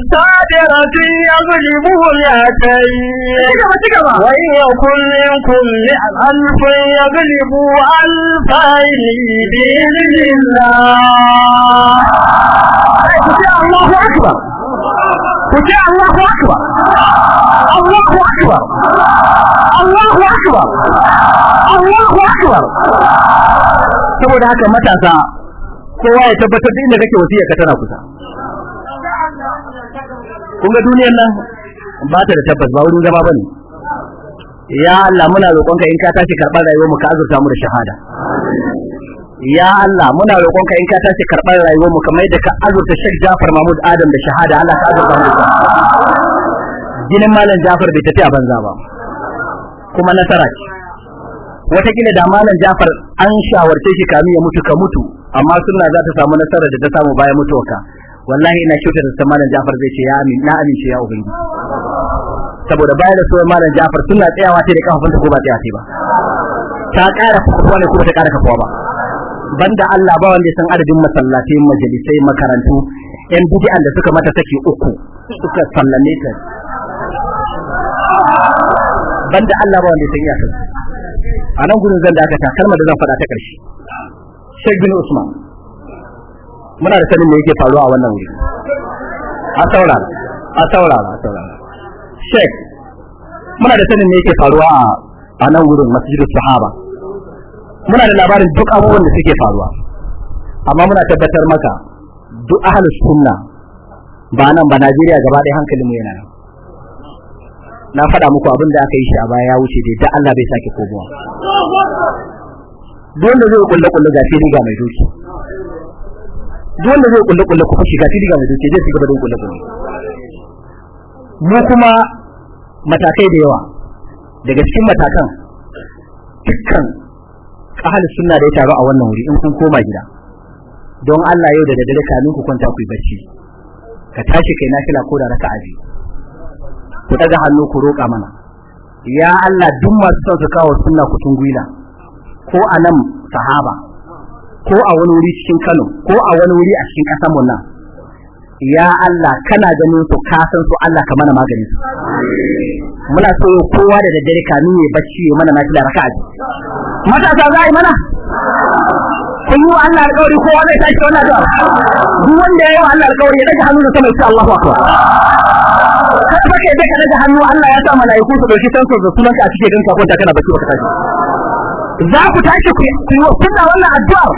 بالصادرة يظلمه مئتين وإن يكن منكم ألف يغلبوا ألفين بإذن الله الله أكبر وجاء الله أكبر الله أكبر الله أكبر الله أكبر saboda haka matasa kowa ya tabbatar da inda kake wasiya ka tana kusa kun ga duniyar nan ba ta da tabbas ba wurin zama bane ya Allah muna roƙonka in ka tashi karɓar rayuwar mu ka azurta mu da shahada ya Allah muna roƙonka in ka tashi karɓar rayuwar mu mai da ka azurta Sheikh Jafar Mahmud Adam da shahada Allah ka azurta mu da Ginin malam Jafar bai tafi a banza ba kuma nasara ce watakila da malam Jafar an shawarce shi kamin ya mutu ka mutu amma sunna za ta samu nasara da ta samu bayan mutuwarka wallahi ina kyautar da malam Ja'far zai ce ya amin na amince ya ubangi saboda bayan da suwar malam Ja'far suna tsayawa sai da kafafunta ko ba tsaya sai ba ta ƙara kuwa ne ko ta ƙara kafuwa ba banda Allah ba wanda ya san adadin masallatai majalisai makarantu yan bid'an da suka mata take uku suka sallame ta banda Allah ba wanda ya san iyakar a nan gurin zan da aka ta kalmar da zan faɗa ta ƙarshe Sheikh bin Usman muna da sanin me yake faruwa a wannan wuri a saurara a saurara a saurara sheik muna da sanin me yake faruwa a nan wurin masjidu sahaba muna da labarin duk abubuwan da suke faruwa amma muna tabbatar maka duk ahlus sunna ba nan ba Najeriya gaba ɗaya hankali mu yana nan na faɗa muku abin da aka yi shi a baya ya wuce dai da Allah bai sake komowa don wanda zai kulle kulle ga fili ga mai doki duk wanda zai kulle kulle ku shiga shi daga mai zai shiga da kulle kulle mu kuma matakai da yawa daga cikin matakan dukkan ahli sunna da ya taru a wannan wuri in kun koma gida don Allah yau da daddare kamin ku kwanta ku yi barci ka tashi kai nafila ko da raka'a aji, ku daga hannu ku roƙa mana ya Allah duk masu son su kawo sunna ku tunguila ko anan sahaba ko a wani wuri cikin Kano ko a wani wuri a cikin ƙasar mu nan ya Allah kana ganin su ka san su Allah ka mana magani muna so kowa da daddare kanu ne bacci ya mana nafila raka'a matasa za a yi mana kun yi wa Allah alƙawari kowa zai tashi wannan addu'a duk wanda ya yi wa Allah alƙawari ya daga hannu da sama ya Allah Allahu akbar kai ka kai daga hannu Allah ya sa mala'iku su dauki sansu da sunanka a cikin ganka ta kana bacci baka tashi za ku tashi ku yi kunna wannan addu'a ko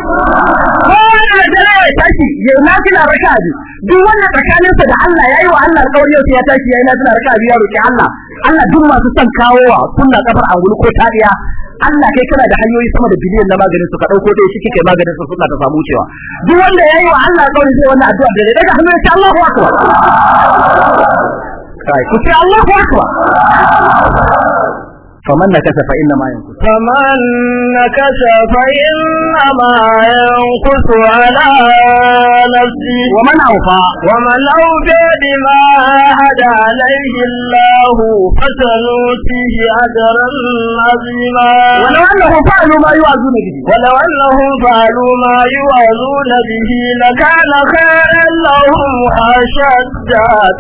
wannan da dare ya tashi ya nafila raka'a biyu duk wannan tsakanin sa da Allah yayi wa Allah alƙawari sai ya tashi yayi nafila raka'a biyu ya roki Allah Allah duk masu son kawowa kunna kafar a angulu ko tariya Allah kai kana da hanyoyi sama da biliyan na maganin su ka dauko dai shi kike maganin su suna ta samu cewa duk wanda yayi wa Allah alƙawari sai wannan addu'a da daga hannun sai Allahu akbar kai ku sai Allahu akbar فمن نكث فإنما ينكث فمن نكث فإنما ينكث على نفسه ومن أوفى ومن أوفى بما عهد عليه الله فسنؤتيه أجرا عظيما ولو أنهم فعلوا ما يوعظون به ولو أنهم فعلوا ما يوعظون به لكان خيرا لهم أشد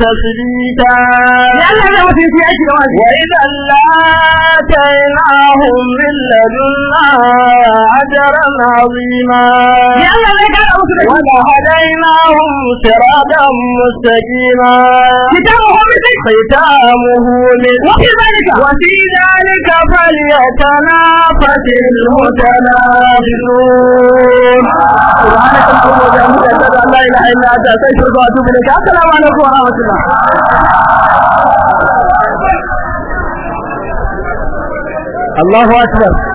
تثبيتا وإذا الله آتيناهم من لدنا أجرا عظيما وهديناهم صراطا مستقيما ختامه وفي ذلك وفي ذلك فليتنافس المتنافسون سبحانك اللهم وبحمدك اشهد ان لا اله الا انت استغفرك واتوب اليك السلام عليكم ورحمه الله Allahu Akbar.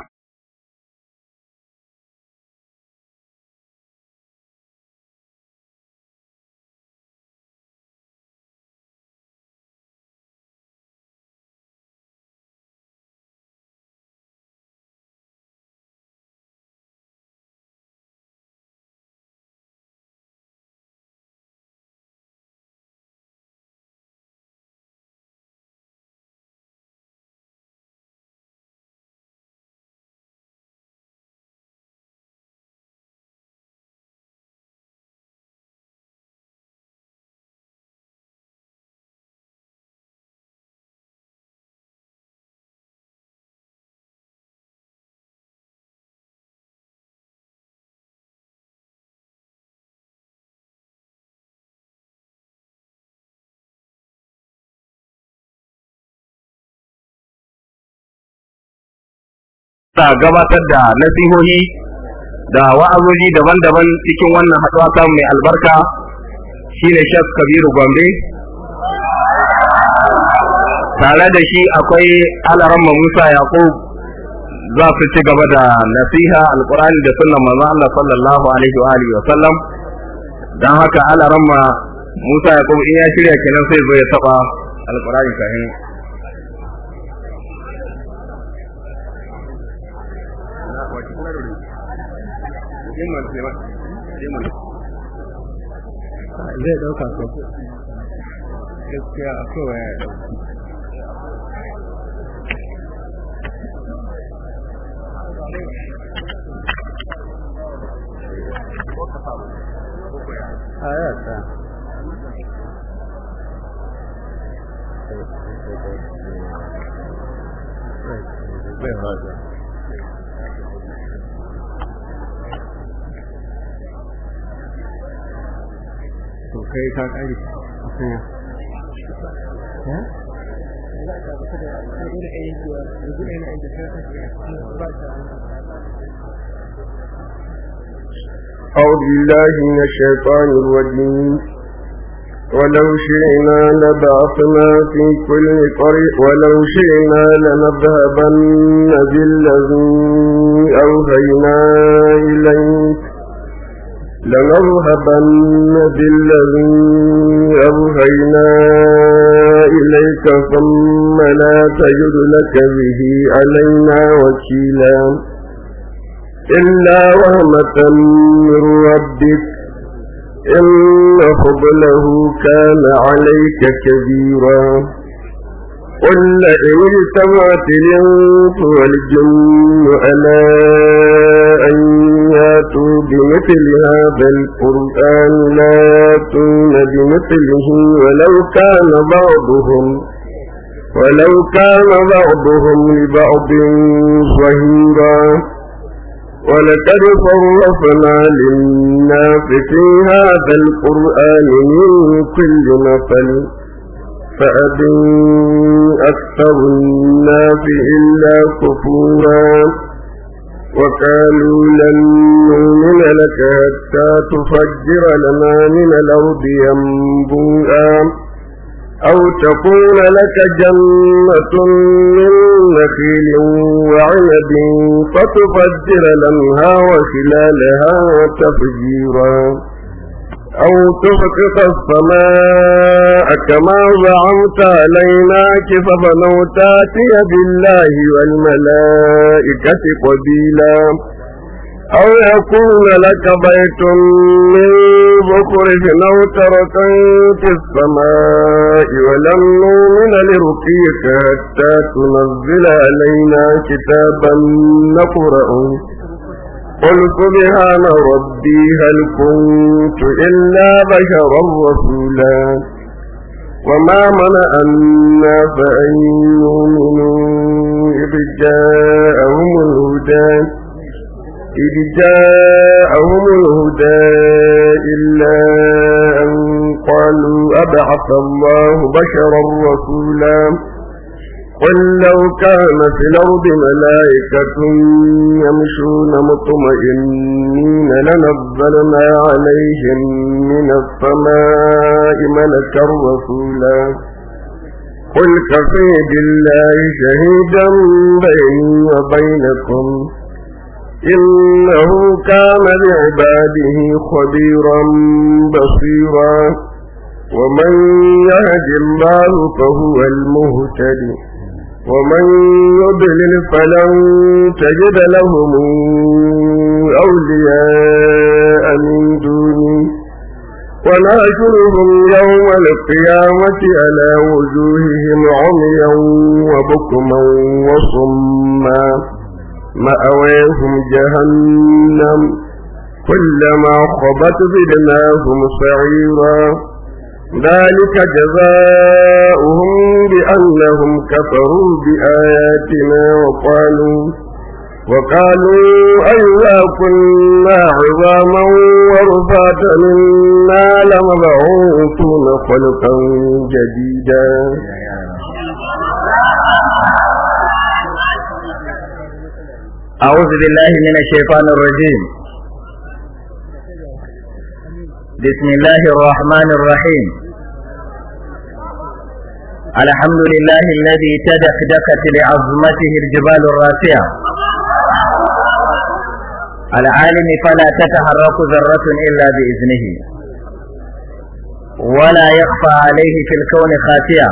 ta gabatar da nasihohi da wa'azoji daban-daban cikin wannan haɗuwa samu mai albarka shine Shaf Kabiru Gombe tare da shi akwai Alaramma Musa Yaqub za su ci gaba da nasiha alqur'ani da sunnan manzon Allah sallallahu alaihi wa alihi wa sallam dan haka Alaramma Musa Yaqub in ya shirya kenan sai zo ya taba alqur'ani kahin wa shi kuma rori liman liman liman zai dauka ko gaskiya akwai waya ayat Thank you. ya أعوذ بالله من الشيطان الرجيم ولو شئنا لبعثنا في كل طريق ولو شئنا لنذهبن بالذي أوهينا إليك لنذهبن بالذي أوهينا إليك ثم لا تجد لك به علينا وكيلا إلا رحمة من ربك إن فضله كان عليك كبيرا قل لئن اجتمعت الإنس والجن على أن واتوا بمثل هذا القرآن لا ياتون بمثله ولو كان بعضهم ولو كان بعضهم لبعض ظهيرا ولقد صرفنا للناس في هذا القرآن من كل مثل فأبي أكثر الناس إلا كفورا وقالوا لن نؤمن لك حتى تفجر لنا من الأرض ينبوءا أو تكون لك جنة من نخيل وعنب فتفجر لنها وخلالها تفجيرا أو تسقط السماء كما زعمت علينا كسفا أو تاتي بالله والملائكة قبيلا أو يكون لك بيت من زخرف أو تركنت السماء ولم نؤمن لرقيك حتى تنزل علينا كتابا نقرأه قل سبحان ربي هل كنت إلا بشرا رسولا وما منع الناس أن يؤمنوا إذ جاءهم الهدى إذ جاءهم الهدى إلا أن قالوا أبعث الله بشرا رسولا قل لو كان في الأرض ملائكة يمشون مطمئنين لنزلنا عليهم من السماء ملكا رسولا قل كفي بالله شهيدا بيني وبينكم إنه كان لعباده خبيرا بصيرا ومن يهد الله فهو المهتدي ومن يضلل فلن تجد لهم أولياء من دونه وناشرهم يوم القيامة على وجوههم عميا وبكما وصما مأويهم جهنم كلما خبت بدناهم سعيرا ذلك جزاؤهم بأنهم كفروا بآياتنا وقالوا وقالوا أيها كنا عظاما ورفاتا إنا لمبعوثون خلقا جديدا أعوذ بالله من الشيطان الرجيم بسم الله الرحمن الرحيم الحمد لله الذي تدخدخت لعظمته الجبال الراسعة العالم فلا تتحرك ذرة إلا بإذنه ولا يخفى عليه في الكون خاسئة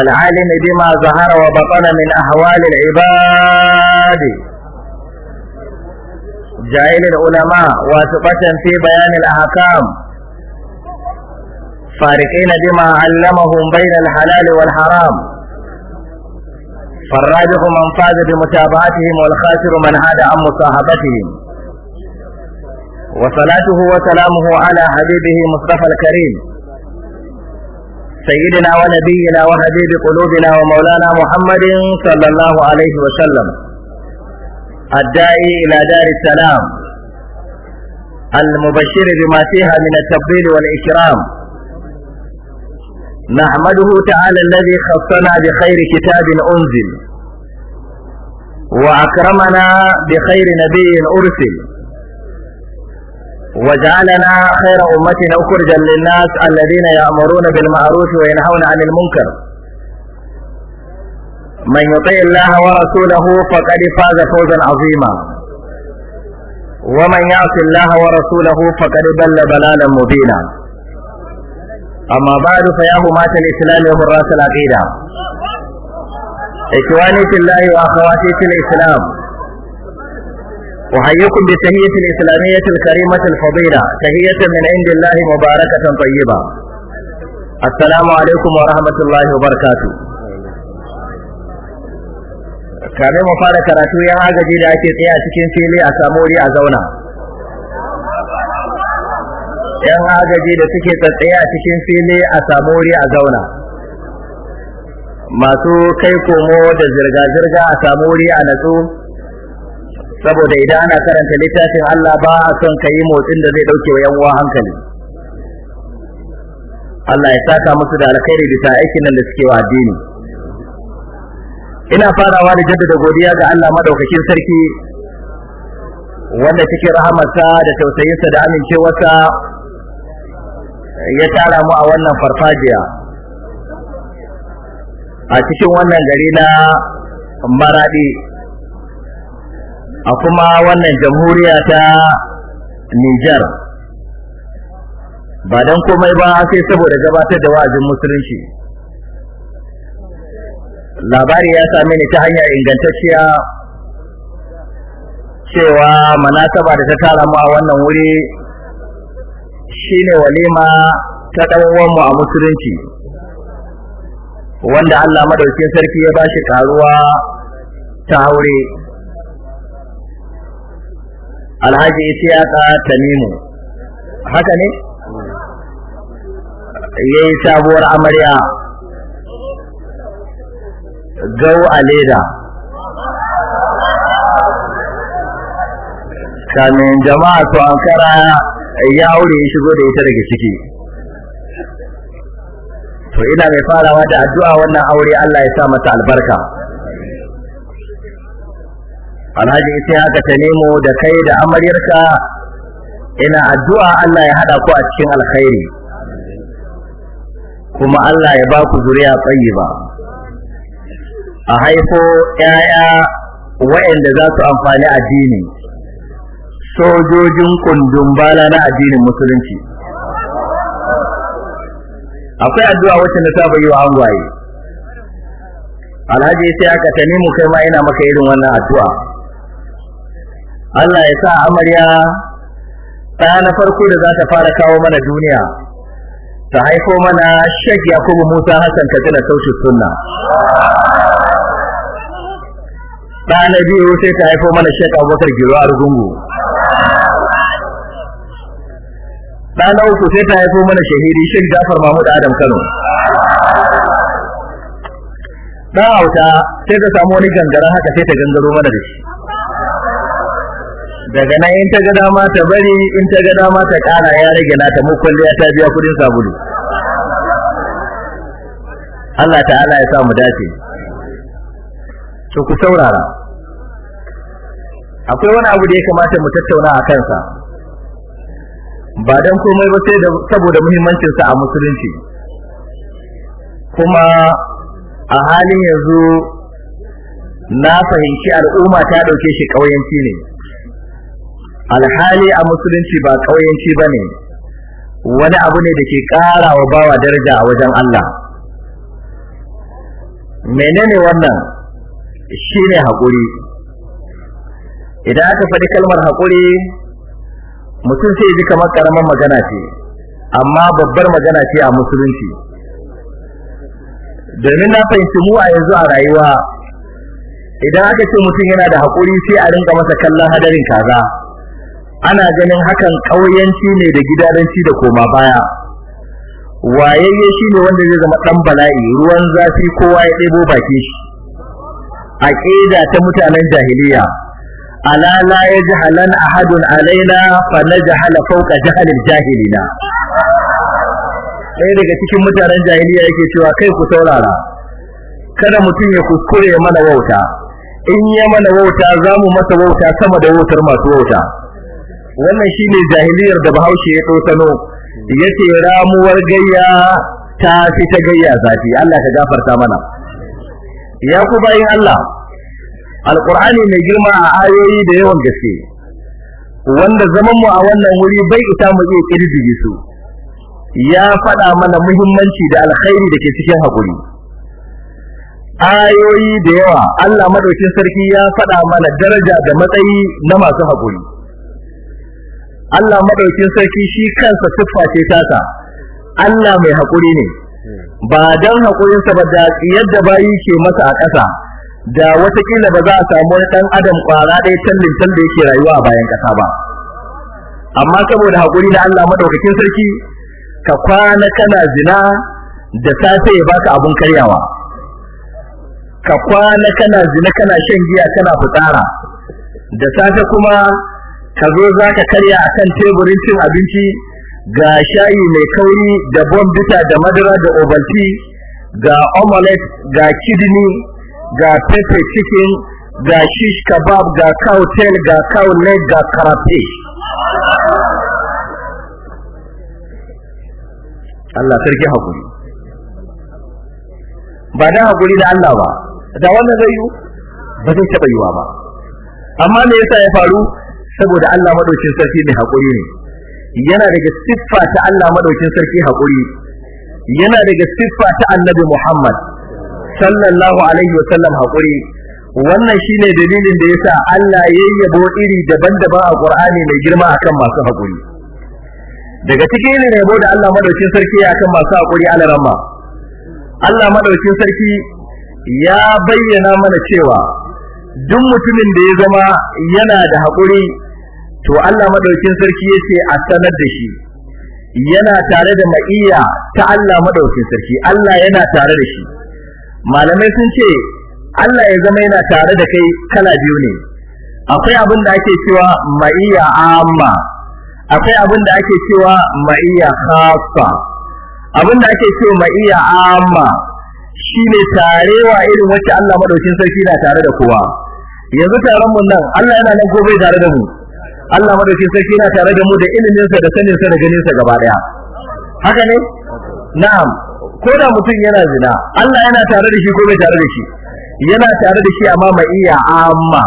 العالم بما ظهر وبطن من أحوال العباد جاهل العلماء واثقة في بيان الأحكام فارقين بما علمهم بين الحلال والحرام فالراجح من فاز بمتابعتهم والخاسر من عاد عن مصاحبتهم وصلاته وسلامه على حبيبه مصطفى الكريم سيدنا ونبينا وحبيب قلوبنا ومولانا محمد صلى الله عليه وسلم الداعي إلى دار السلام المبشر بما فيها من التفضيل والإكرام نحمده تعالى الذي خصنا بخير كتاب أنزل وأكرمنا بخير نبي أرسل وجعلنا خير أمة أخرجا للناس الذين يأمرون بالمعروف وينهون عن المنكر من يطيع الله ورسوله فقد فاز فوزا عظيما ومن يعص الله ورسوله فقد ضل ضلالا مبينا أما بعد فيا همات الإسلام وحراس العقيدة إخواني في الله وأخواتي في الإسلام أحييكم بتهية الإسلامية الكريمة الفضيلة تهية من عند الله مباركة طيبة السلام عليكم ورحمة الله وبركاته kame mu fara karatu ya agaji da ake tsaye a cikin fili a samu wuri a zauna yan agaji da suke tsaye a cikin fili a samu wuri a zauna masu kai komo da zirga-zirga a samu wuri a natsu saboda idan ana karanta littafin Allah ba a son ka yi motsin da zai ɗauke wa yan uwa hankali Allah ya saka musu da alkhairi bisa aikin nan da suke wa addini ina farawa da jaddada godiya ga Allah madaukakin sarki wanda cikin rahamarsa da tausayinsa da amincewarsa ya tara mu a wannan farfajiya a cikin wannan gari na Maraɗi. a kuma wannan jamhuriya ta Nijar ba don komai ba sai saboda gabatar da wa'azin musulunci labari ya same ni ta hanyar ingantacciya cewa manasaba da ta tara mu a wannan wuri shine walima ta ɗan mu a musulunci wanda Allah madaukakin sarki ya bashi karuwa ta aure alhaji ka tamimu haka ne ya yi sabuwar amarya gau a leda kamin jama'a su kara ya wuri ya shigo da ita daga ciki to ina mai farawa da addu'a wannan aure Allah ya sa mata albarka alhaji ita haka ta nemo da kai da amaryarka ina addu'a Allah ya hada ku a cikin alkhairi kuma Allah ya ba ku zuriya tayyiba a haifo 'ya'ya waɗanda za su amfani addini sojojin kundin bala na addinin musulunci akwai addu'a wacce na saba yi wa angwaye alhaji sai haka ta mu kai ma ina maka irin wannan addu'a Allah ya sa amarya ta na farko da za ta fara kawo mana duniya ta haifo mana Sheikh Yakubu Musa Hassan Katsina taushe Sunna ta na biyu sai ta haifo mana shek Abubakar Giro Argungu ta na uku sai ta haifo mana shahidi shek Jafar Mahmud Adam Kano ta hauta sai ta samu wani gangara haka sai ta gangaro mana da shi daga nan in ta ga dama ta bari in ta ga dama ta kara ya rage nata mu kulliya ta biya kudin sabulu Allah ta'ala ya sa mu dace to ku saurara akwai wani abu da ya kamata mu tattauna a kansa ba dan komai ba sai saboda muhimmancin sa a musulunci kuma a halin yanzu na fahimci al'umma ta dauke shi kauyanci ne alhali a musulunci ba ƙauyenci ba ne wani abu ne da ke ƙara bawa daraja a wajen Allah menene wannan shine hakuri idan aka faɗi kalmar hakuri mutum sai ji kamar ƙaramin magana ce amma babbar magana ce a musulunci domin na fahimci mu a yanzu a rayuwa idan aka ce mutum yana da hakuri sai a rinka masa kallon hadarin kaza ana ganin hakan ƙauyanci ne da gidaranci da koma baya wayayye ne wanda zai zama ɗan bala'i ruwan zafi kowa ya ɗebo baki shi A ƙeda ta mutanen jahiliya ala la yajhalan ahadun alaina fa najhala fawqa jahalil jahilina ɗaya daga cikin mutanen jahiliya yake cewa kai ku saurara kada mutum ya kuskure mana wauta in ya mana wauta za mu masa wauta sama da wautar masu wauta wannan shi ne jahiliyar da bahaushe ya tosano ce ramuwar gayya ta fi ta gayya zafi Allah ka gafarta mana ya ku bayin Allah Alƙur'ani mai girma a ayoyi da yawan gaske wanda zaman mu a wannan wuri bai ita mu iya kirdige su ya faɗa mana muhimmanci da alkhairi da ke cikin hakuri ayoyi da yawa Allah madaukin sarki ya faɗa mana daraja da matsayi na masu hakuri Allah madaukin sarki shi kansa siffa ce tasa Allah mai hakuri ne ba dan hakurinsa ba da yadda bayi ke masa a ƙasa da watakila ba za a samu wani dan adam kwara ɗaya tallin da yake rayuwa a bayan ƙasa ba amma saboda hakuri na Allah madaukakin sarki ka kwana kana zina da safe ya baka abun karyawa ka kwana kana zina kana shan giya kana fitsara da safe kuma ka zo za ka karya a kan teburin cin abinci ga shayi mai kauri da bombita da madara da obalti ga omelette ga kidney ga pepper chicken ga shish kebab ga cow tail ga cow leg ga karate Allah sarki hakuri ba da hakuri da Allah ba da wannan zai yi ba zai taɓa yiwa ba amma me yasa ya faru saboda Allah madaukin sarki mai hakuri ne yana daga siffa ta Allah madaukin sarki hakuri yana daga siffa ta Annabi Muhammad sallallahu alaihi wasallam hakuri wannan shine dalilin da yasa Allah ya yabo iri daban-daban a Qur'ani mai girma akan masu hakuri daga cikin irin yabo da Allah madaukin sarki akan masu hakuri alarama Allah madaukin sarki ya bayyana mana cewa duk mutumin da ya zama yana da haƙuri to Allah madaukin sarki yace a sanar da shi yana tare da ma'iya ta Allah madaukin sarki Allah yana tare da shi malamai sun ce Allah ya zama yana tare da kai kala biyu ne akwai abin da ake cewa ma'iya amma akwai abin da ake cewa ma'iya khassa abin da ake cewa ma'iya amma shine tarewa irin wacce Allah madaukin sarki na tare da kowa yanzu taron mun nan Allah yana nan gobe tare da mu Allah madaukin sarki yana tare da mu da ilimin sa da sanin sa da ganin sa gaba daya haka ne na'am ko da mutum yana zina Allah yana tare da shi ko bai tare da shi yana tare da shi amma mai iya amma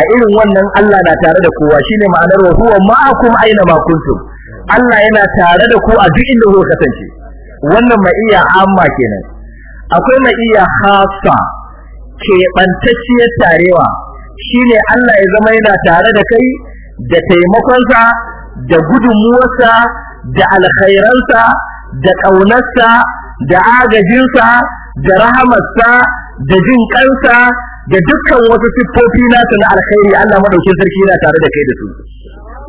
a irin wannan Allah na tare da kowa shine ma'anar wa huwa ma'akum aina ma kuntum Allah yana tare da ku a duk inda kuka kasance wannan mai iya amma kenan akwai mai iya hafa ke bantacciyar tarewa shine Allah ya zama yana tare da kai da taimakonsa da gudunmuwarsa da alkhairansa da ƙaunarsa da agajinsa da rahamarsa da jin ƙansa da dukkan wasu siffofi nasa na alkhairi Allah madaukin sarki yana tare da kai da su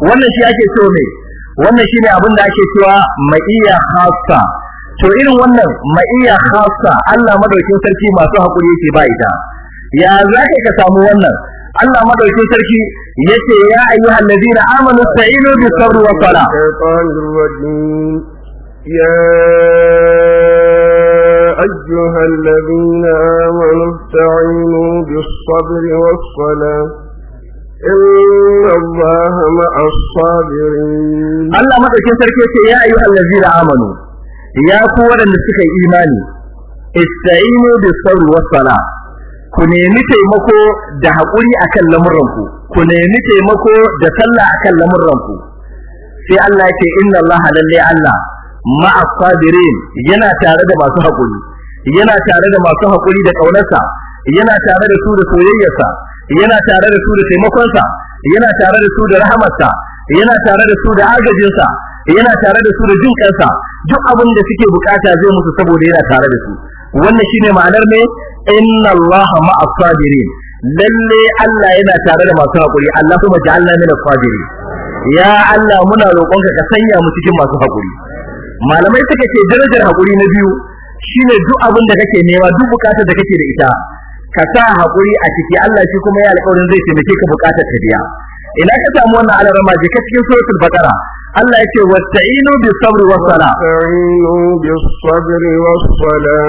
wannan shi ake so ne wannan shine abin da ake cewa ma'iya khassa to irin wannan ma'iya khassa Allah madaukin sarki masu hakuri yake ba ita ya zaka ka samu wannan Allah madaukin sarki yace ya ayyuhal ladina amanu ta'inu bis sabr wa sala Allah madaukin sarki ce ya ayu allazina amanu ya ku waɗanda suka yi imani istainu bis sabr was sala ku nemi taimako da hakuri akan lamuranku ku nemi taimako da sallah akan lamurran ku sai Allah yake inna Allah lalle Allah ma'a sabirin yana tare da masu hakuri yana tare da masu hakuri da kaunarsa yana tare da su da soyayyarsa yana tare da su da taimakonsa yana tare da su da rahamarsa yana tare da su da agajinsa yana tare da su da jin kansa duk abin da suke bukata zai musu saboda yana tare da su wannan shine ma'anar ne inna allaha ma'as sabirin lalle Allah yana tare da masu hakuri Allahumma ja'alna min as-sabirin ya Allah muna roƙonka ka sanya mu cikin masu hakuri malamai suka ce darajar hakuri na biyu shine duk abin da kake nema duk bukatar da kake da ita ka sa hakuri a ciki Allah shi kuma ya alƙawarin zai taimake ka bukatar ta biya ina ka samu wannan alarma je ka cikin suratul baqara Allah yake ce bis sabri was sala wasta'inu bis sabri was sala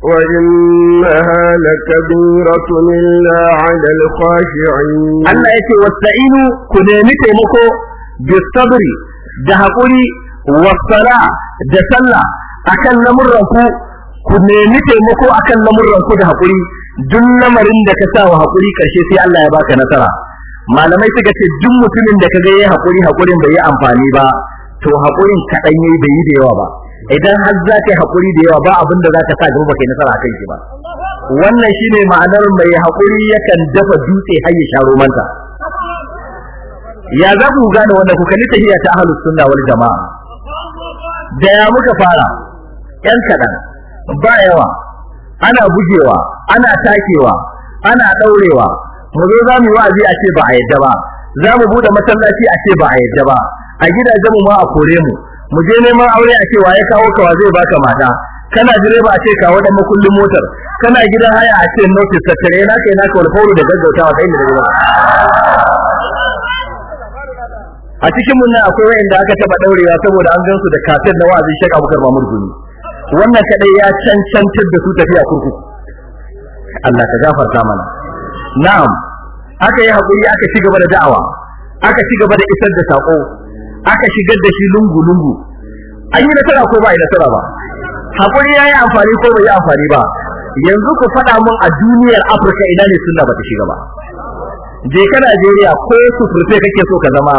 Allah ya ce على الخاشعين الله يتي واستعينوا كنيمي تيمكو بالصبر دهقولي والصلاة دسلا أكن نمرنكو كنيمي تيمكو أكن نمرنكو دهقولي duk lamarin da ka sa wa haƙuri ƙarshe sai Allah ya baka nasara malamai suka ce duk mutumin da ka ga yayi haƙuri haƙurin bai yi amfani ba to haƙurin kaɗan yayi bai yi da yawa ba idan har za yi hakuri da yawa ba abin da za ta sa gaba kai nasara kan shi ba wannan shine ma'anar mai hakuri yakan dafa dutse har ya sharo manta ya za ku gane wannan ku kalli tahiyya ta ahlus sunna wal jamaa da ya muka fara yan kaɗan. ba yawa ana bugewa ana takewa ana ɗaurewa. mu zo za mu wa'azi a ce ba a yadda ba za mu bude masallaci a ce ba a yadda ba a gidajen mu ma a kore mu mu je neman aure a ce wa ya kawo ka wa zai baka mata kana direba a ce kawo dan makullin motar kana gidan haya a ce notice ta tare na kai na ka alfauru da gaggautawa kai da gaba a cikin mun nan akwai wanda aka taba daurewa saboda an gansu da kafin na wazi Sheikh Abubakar Mamud Gumi wannan kadai ya cancantar da su tafiya kurkuku Allah ka gafarta mana na'am aka yi hakuri aka ci gaba da da'awa aka ci gaba da isar da sako aka shigar da shi lungu lungu an yi nasara ko ba a yi nasara ba hakuri yayi amfani ko bai yi amfani ba yanzu ku faɗa mun a duniyar Afirka ina ne sunna bata shiga ba je ka Najeriya ko su furfe kake so ka zama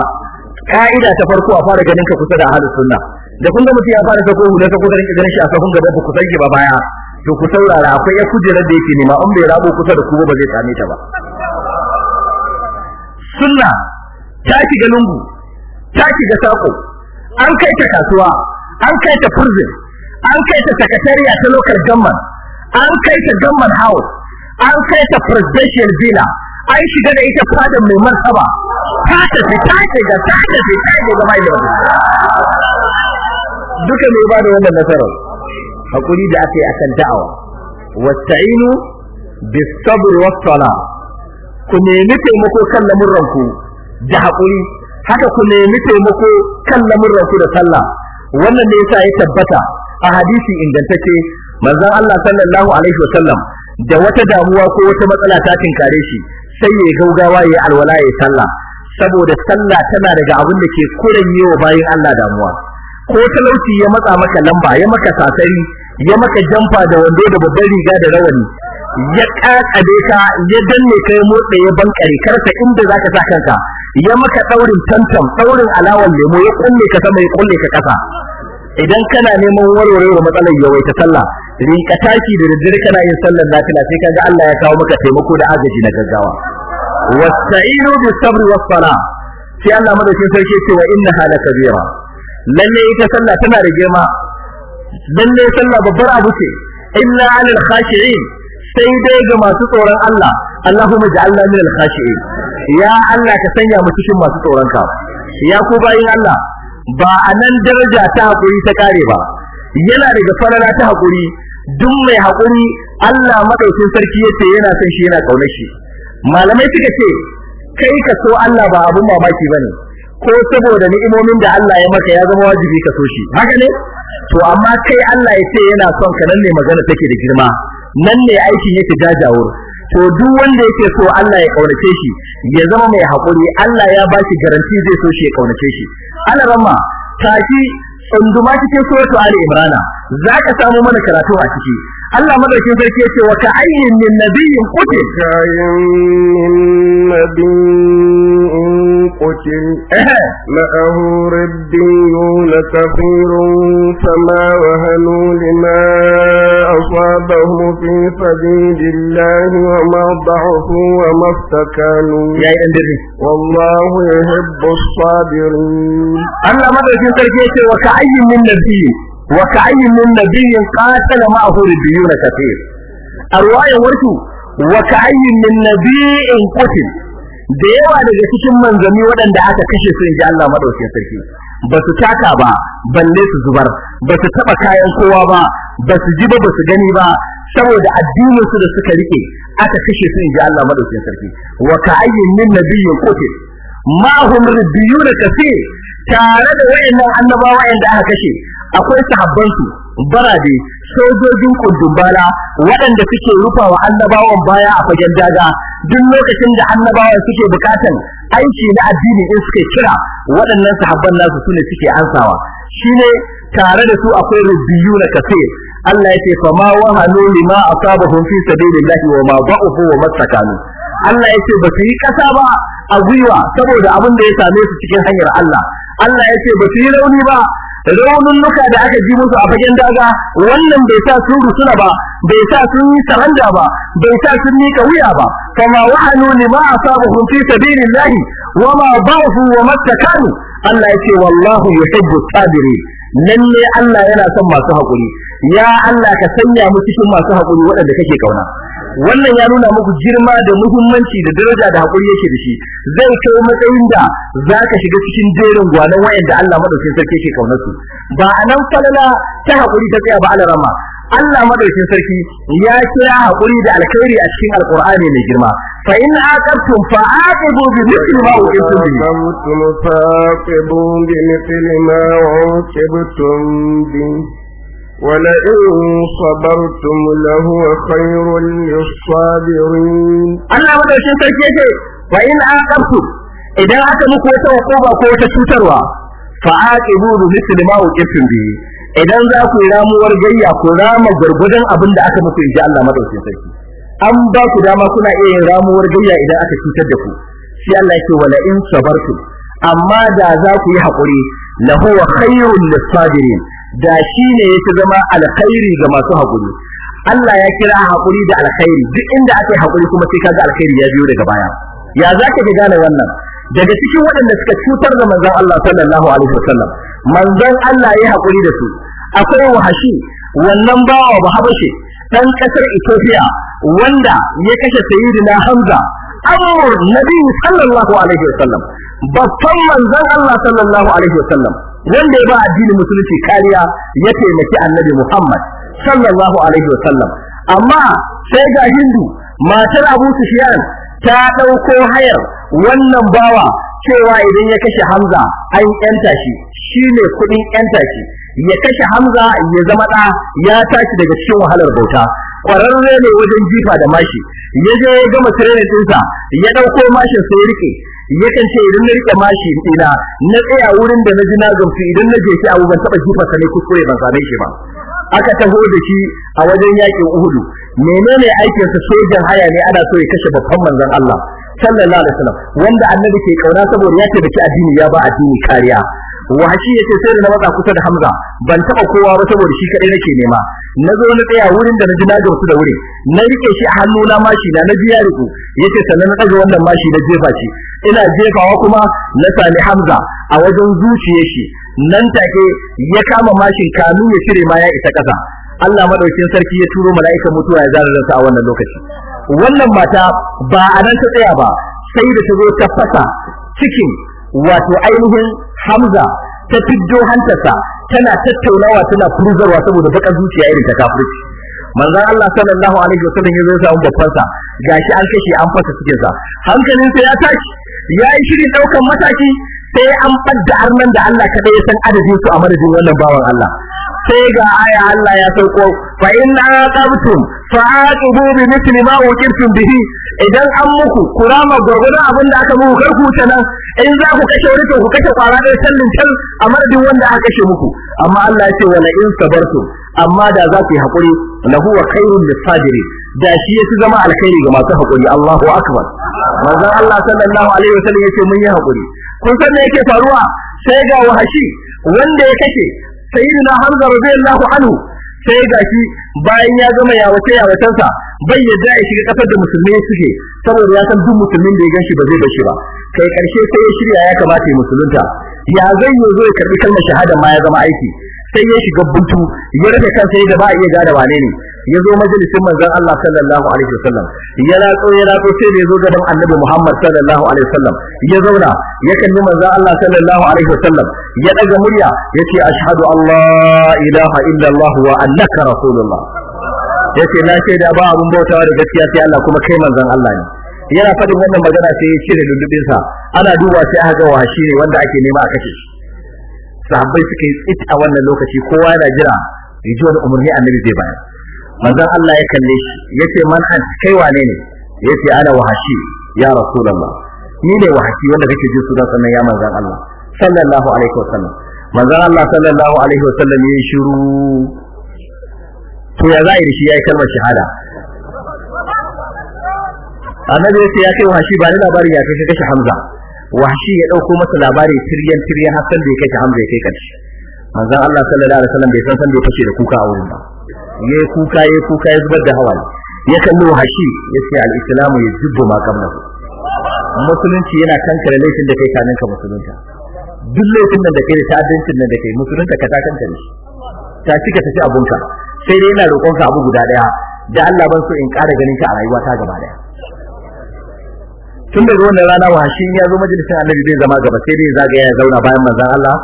ka'ida ta farko a fara ganin ka kusa da ahlus sunna da kun ga mutum ya fara sako hular ka kusa da ganin shi a gaba ba ku sanke ba baya to ku saurara akwai ya kujerar da yake nema in bai rabo kusa da ku ba zai same ta ba sunna ta shiga lungu ta ga sako an kai ta kasuwa an kai ta prison an kai ta sakatariya ta local government an kai ta government house an kai ta presidential villa an shiga da ita fada mai martaba ta tafi ta shiga ta tafi ta shiga mai da duka mai ba da wannan nasarar hakuri da aka akan da'awa wasta'inu bis sabr was kuma ku nemi taimako kan ranku, da hakuri haka ku nemi taimako kan lamuran ku da sallah wannan ne yasa ya tabbata a hadisi ingantacce manzon Allah sallallahu alaihi wasallam da wata damuwa ko wata matsala ta tinkare shi sai ya gaugawa ya alwala ya sallah saboda sallah tana daga abin da ke kuran wa bayin Allah damuwa ko talauci ya matsa maka lamba ya maka sasari ya maka jamfa da wando da babban riga da rawani ya kakade ka ya danne kai motsa ya bankare karsa inda zaka sa kanka ya maka daurin tantan daurin alawar lemo ya kulle ka sama ya kulle ka kasa idan kana neman warwarewar matsalar yawaita sallah rika taki da daddare kana yin sallar nafila sai kaga Allah ya kawo maka taimako da agaji na gaggawa wasta'inu bis sabri was salah sai Allah madaukin sarki ce wa inna hala kabira lalle ita sallah tana da girma lalle sallah babbar abu ce inna alal khashi'in sai dai ga masu tsoron Allah Allahumma ja'alna min al-khashi'in ya Allah ka sanya mu cikin masu tsoron ka ya ku bayin Allah ba anan daraja ta hakuri ta kare ba yana daga farala ta hakuri duk mai hakuri Allah madaukin sarki yace yana son shi yana kaunar shi malamai suka ce kai ka so Allah ba abun mamaki bane ko saboda ni'imomin da Allah ya maka ya zama wajibi ka so shi haka ne to amma kai Allah ya ce yana son ka nan ne magana take da girma nan ne aikin yake jajawur to duk wanda yake so Allah ya kaunace shi ya zama mai hakuri Allah ya ba shi garanti zai so shi ya kaunace shi Allah ramma taki kike so suratu ali imrana zaka samu mana karatu a ciki Allah madaukin sarki yace wa ka'ayyin min nabiyyin qutil ka'ayyin min nabiyyin qutil ma'ahu rabbiyun kathirun fama wahanu lima asabahu fi sabilillahi wa ma da'afu wa ma istakanu ya yi dare wallahu yuhibbu as-sabirin Allah madaukin sarki yace wa ka'ayyin min nabiyyin wa ka'ayyin min nabiyyin qatala ma'ahu rubiyuna kathir arwaya warku wa ka'ayyin min nabiyyin qutil da yawa daga cikin manzani waɗanda aka kashe su inji Allah madaukakin sarki ba su taka ba balle su zubar ba su taba kayan kowa ba ba su ji ba ba su gani ba saboda addinin su da suka riƙe aka kashe su inji Allah madaukakin sarki wa ka'ayyin min nabiyyin qutil ma'ahum rubiyuna kathir tare da wayannan annabawa da aka kashe akwai sahabban su barade sojojin kundumbala waɗanda suke rufa wa annabawan baya a fagen daga duk lokacin da annabawan suke bukatan aiki na addini in suke kira waɗannan sahabban nasu sune suke ansawa shine tare da su akwai rubiyu na kaseer Allah yake fa ma wahanu lima asabahum fi sabilillahi wa ma da'ufu wa mastakanu Allah yake ba su yi kasa ba a gwiwa saboda abin da ya same su cikin hanyar Allah Allah yake ba su yi rauni ba raununuka da aka ji musu a fagen daga wannan bai sa sun rusuna ba bai sa sun yi saranda ba bai sa sun yi kawuya ba kama wahanu a asabahum fi sabilillahi wama ba'fu wa mattakanu Allah ya ce wallahu yuhibbu Nan ne Allah yana son masu hakuri ya Allah ka sanya mu cikin masu haƙuri waɗanda kake kauna wannan ya nuna muku girma da muhimmanci da daraja da hakuri yake da shi zai kai matsayin da zaka shiga cikin jerin gwanan wayanda Allah madaukakin sarki yake kaunar su ba anan falala ta hakuri ta tsaya ba alarama Allah madaukakin sarki ya kira hakuri da alkhairi a cikin alqur'ani mai girma fa in aqabtum fa aqibu bi mithli ma uqibtum fa aqibu bi mithli ma uqibtum ولئن صبرتم لهو خير للصابرين الله madaukin sarki yace wa in aqabtum idan aka yi wata hukuma ko wata cutarwa idan za ku ramuwar gayya ku rama gurgudan abin da aka muku inji Allah madaukin sarki an ba ku dama kuna iya yin ramuwar gayya idan aka cutar da ku shi Allah yake wala in sabartum amma da za ku yi hakuri lahu khairul lisabirin da shi ne yake zama alkhairi ga masu hakuri Allah ya kira hakuri da alkhairi duk inda ake hakuri kuma sai kaga alkhairi ya biyo daga baya ya zaka ga gane wannan daga cikin waɗanda suka cutar da manzon Allah sallallahu alaihi wasallam manzon Allah ya hakuri da su akwai wahashi wannan bawa ba habashe dan kasar Ethiopia wanda ya kashe sayyidina Hamza amur nabi sallallahu alaihi wasallam babban manzon Allah sallallahu alaihi wasallam wanda ya ba addinin musulunci kariya ya taimaki annabi Muhammad sallallahu alaihi sallam amma sai ga Hindu matar Abu Sufyan ta dauko hayar wannan bawa cewa idan ya kashe Hamza an yanta shi shine kudin yanta shi ya kashe Hamza ya zama da ya tashi daga cikin wahalar bauta kwararre ne wajen jifa da mashi ya je ya gama training ya dauko mashin sai rike yakan ce idan na rike mashi ina na tsaya wurin da na ji na gamsu idan na je shi abu ban taba jifa sa ne kuskure ban same shi ba aka taho da shi a wajen yakin Uhudu menene aikin sa sojan haya ne ana so ya kashe babban manzon Allah sallallahu alaihi wasallam wanda annabi ke kauna saboda ya ce tabbaki addini ya ba addini kariya wahashi yake sai da na matsa kusa da Hamza ban taba kowa ba saboda shi kadai nake nema na zo na tsaya wurin da na ji na gamsu da wuri na rike shi a hannu na mashi na na biya riko yace sannan na ɗaga wannan mashi na jefa shi ina jefawa kuma na sami Hamza a wajen zuciye shi nan take ya kama mashin kanu ya cire ma ya isa kasa Allah madaukin sarki ya turo mala'ikan mutuwa ya zara su a wannan lokaci wannan mata ba a nan ta tsaya ba sai da ta zo ta fasa cikin wato ainihin Hamza ta fiddo hantarsa tana tattaunawa tana furuzarwa saboda baka zuciya irin ta kafirci manzon Allah sallallahu alaihi wasallam ya zo sa umma farsa gashi an kashe an fasa cikin sa hankalin sa ya tashi ya yi shirin daukan mataki sai an fadda arnan da Allah kada ya san adadin su a madadin wannan bawan Allah sai ga aya Allah ya sauko fa in aqabtum fa aqibu bi mithli ma uqibtum bihi idan an muku kurama gurgurun abin da aka muku karku ta nan in za ku kashe wani to ku kashe kwara dai sallin can a wanda aka kashe muku amma Allah ya ce wala in sabartum amma da za ku yi hakuri lahu wa khairul lisabirin da shi yafi zama alkhairi ga masu hakuri Allahu akbar manzon Allah sallallahu alaihi wasallam yace mun yi hakuri kun san me yake faruwa sai ga wahashi wanda ya kashe sayyidina hamza radiyallahu anhu sai ga shi bayan ya gama wace sa, bai yadda ya shiga kafar da musulmai suke saboda ya san duk musulmin da ya ganshi ba zai bashi ba kai karshe sai ya shirya ya kamata ya musulunta ya zai yi zo ya karbi kalmar shahada ma ya zama aiki sai ya shiga buntu ya rufe kansa da ba a iya gane wane ne ya zo majalisin manzon Allah sallallahu alaihi wasallam ya ratso ya ratso sai ya zo gaban annabi Muhammad sallallahu alaihi wasallam ya zauna ya kalli manzon Allah sallallahu alaihi wasallam ya daga murya yace ashhadu Allah ilaha illa Allah wa annaka rasulullah yace na da ba abun bautawa da gaskiya sai Allah kuma kai manzon Allah ne yana fadin wannan magana sai ya cire dundubin sa ana duba sai aka ga washi ne wanda ake nema a kashe shi sahabbai suka yi tsit a wannan lokaci kowa yana jira ya ji wani umarni annabi zai bayar manzon Allah ya kalle shi yace man an kai wane ne yace ana wahashi ya rasulullah ni ne wahashi wanda kake ji su sunan sannan ya manzon Allah sallallahu alaihi wasallam manzon Allah sallallahu alaihi wasallam ya shiru to ya zai shi ya kalmar shahada annabi yace ya kai wahashi ba ni labarin ya kai kashe Hamza wahashi ya dauko masa labari tiryan tiryan har san da ya kashe Hamza ya kai karshe manzon Allah sallallahu alaihi wasallam bai san san da ya da kuka a wurin ba ya yi kuka ya yi kuka ya zubar da hawaye ya kalli hashi ya ce al-islamu ya jibbu ma kamna musulunci yana kankare laifin da kai kamin ka musulunta duk laifin nan da kai ta'addancin nan da kai musulunta ka ta kankare shi ta cika tafi abunka sai dai yana roƙon ka abu guda daya da Allah ban so in ƙara ganin ka a rayuwa ta gaba daya tun daga wannan rana washi ya zo majalisar annabi bai zama gaba sai dai ya zagaya ya zauna bayan manzon Allah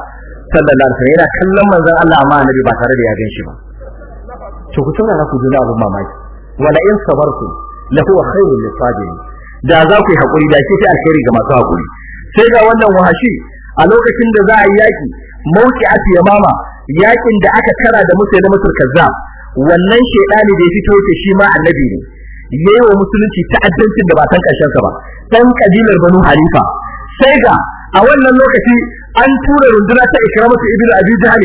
sallallahu alaihi wasallam yana kallon manzon Allah amma annabi ba tare da ya gan shi ba to ku saurara ku ji abin mamaki wala in sabartum la huwa khairul lisabirin da za ku yi hakuri da shi alheri ga masu hakuri sai ga wannan wahashi a lokacin da za a yi yaki mauki ati mama yakin da aka kara da musu da musul kaza, wannan shedani da ya fito ce shi ma annabi ne yayi wa musulunci ta'addancin da ba san karshen sa ba dan kabilar banu halifa sai ga a wannan lokaci an tura runduna ta ikramatu ibnu abi jahl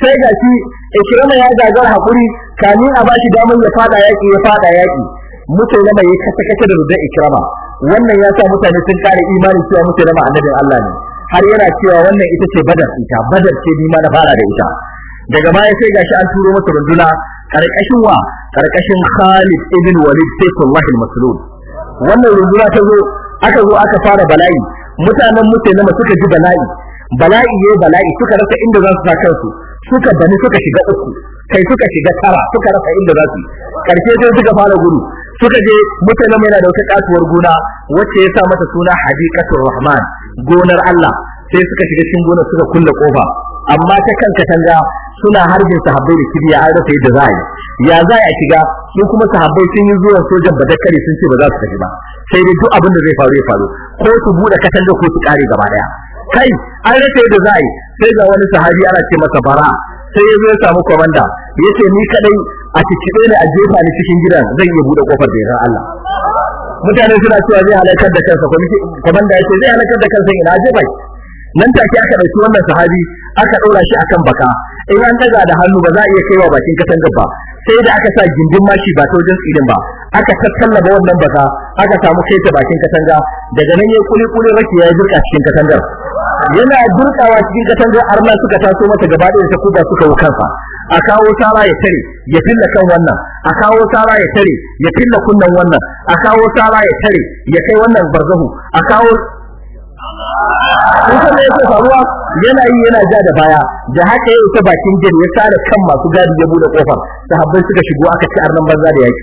sai ga shi ikirama ya gagara hakuri kamin a bashi damar ya fada yaki ya fada yaki mutane mai kace kace da rudan ikirama wannan ya sa mutane sun kare imani cewa mutane ma annabin Allah ne har yana cewa wannan ita ce badar ita badar ce ni na fara da ita daga baya sai gashi an turo masa runduna karkashin wa karkashin Khalid ibn Walid Sayyidullah al-Maslul wannan runduna ta zo aka zo aka fara bala'i mutanen mutane suka ji bala'i bala'i ne bala'i suka rasa inda za su sa kansu suka bani suka shiga uku kai suka shiga tara suka rasa inda za su karshe sai suka fara gudu suka je mutanen mai na da wata katuwar gona wacce ya sa mata suna hadiqatul rahman gonar Allah sai suka shiga cikin gona suka kulle kofa amma ta kan katanga suna harbin sahabbai da kibiya an rasa yadda za ya za a shiga su kuma sahabbai sun yi zuwan sojan badakkari sun ce ba za su tafi ba sai dai duk abin da zai faru ya faru ko su bude katanga ko su kare gaba daya kai an rasa yadda za a yi sai ga wani sahabi ana ce masa bara sai ya ya samu komanda ya ce ni kadai a cikin ne a jefa ni cikin gidan zan iya buɗe kofar da yaran Allah mutane suna cewa zai halakar da kansa komanda ya ce zai halakar da kansa ina bai nan take aka dauki wannan sahabi aka daura shi akan baka in an daga da hannu ba za a iya kaiwa bakin katangar ba sai da aka sa gindin mashi ba ta wajen tsirin ba aka tattallaba wannan baka aka samu kai ta bakin katanga daga nan ya kuli kuli rake ya jirka cikin katangar yana durkawa cikin kasan da arna suka taso mata gaba da ta kuba suka fa a kawo tara ya tare ya filla kan wannan a kawo tara ya tare ya filla kunnan wannan a kawo tara ya tare ya kai wannan barzahu a kawo Kusa ne yake faruwa yana yi yana ja da baya da haka yau ta bakin jin ya tsara kan masu gadi ya bude kofar sahabbai suka shigo aka ci arnan banza da yaki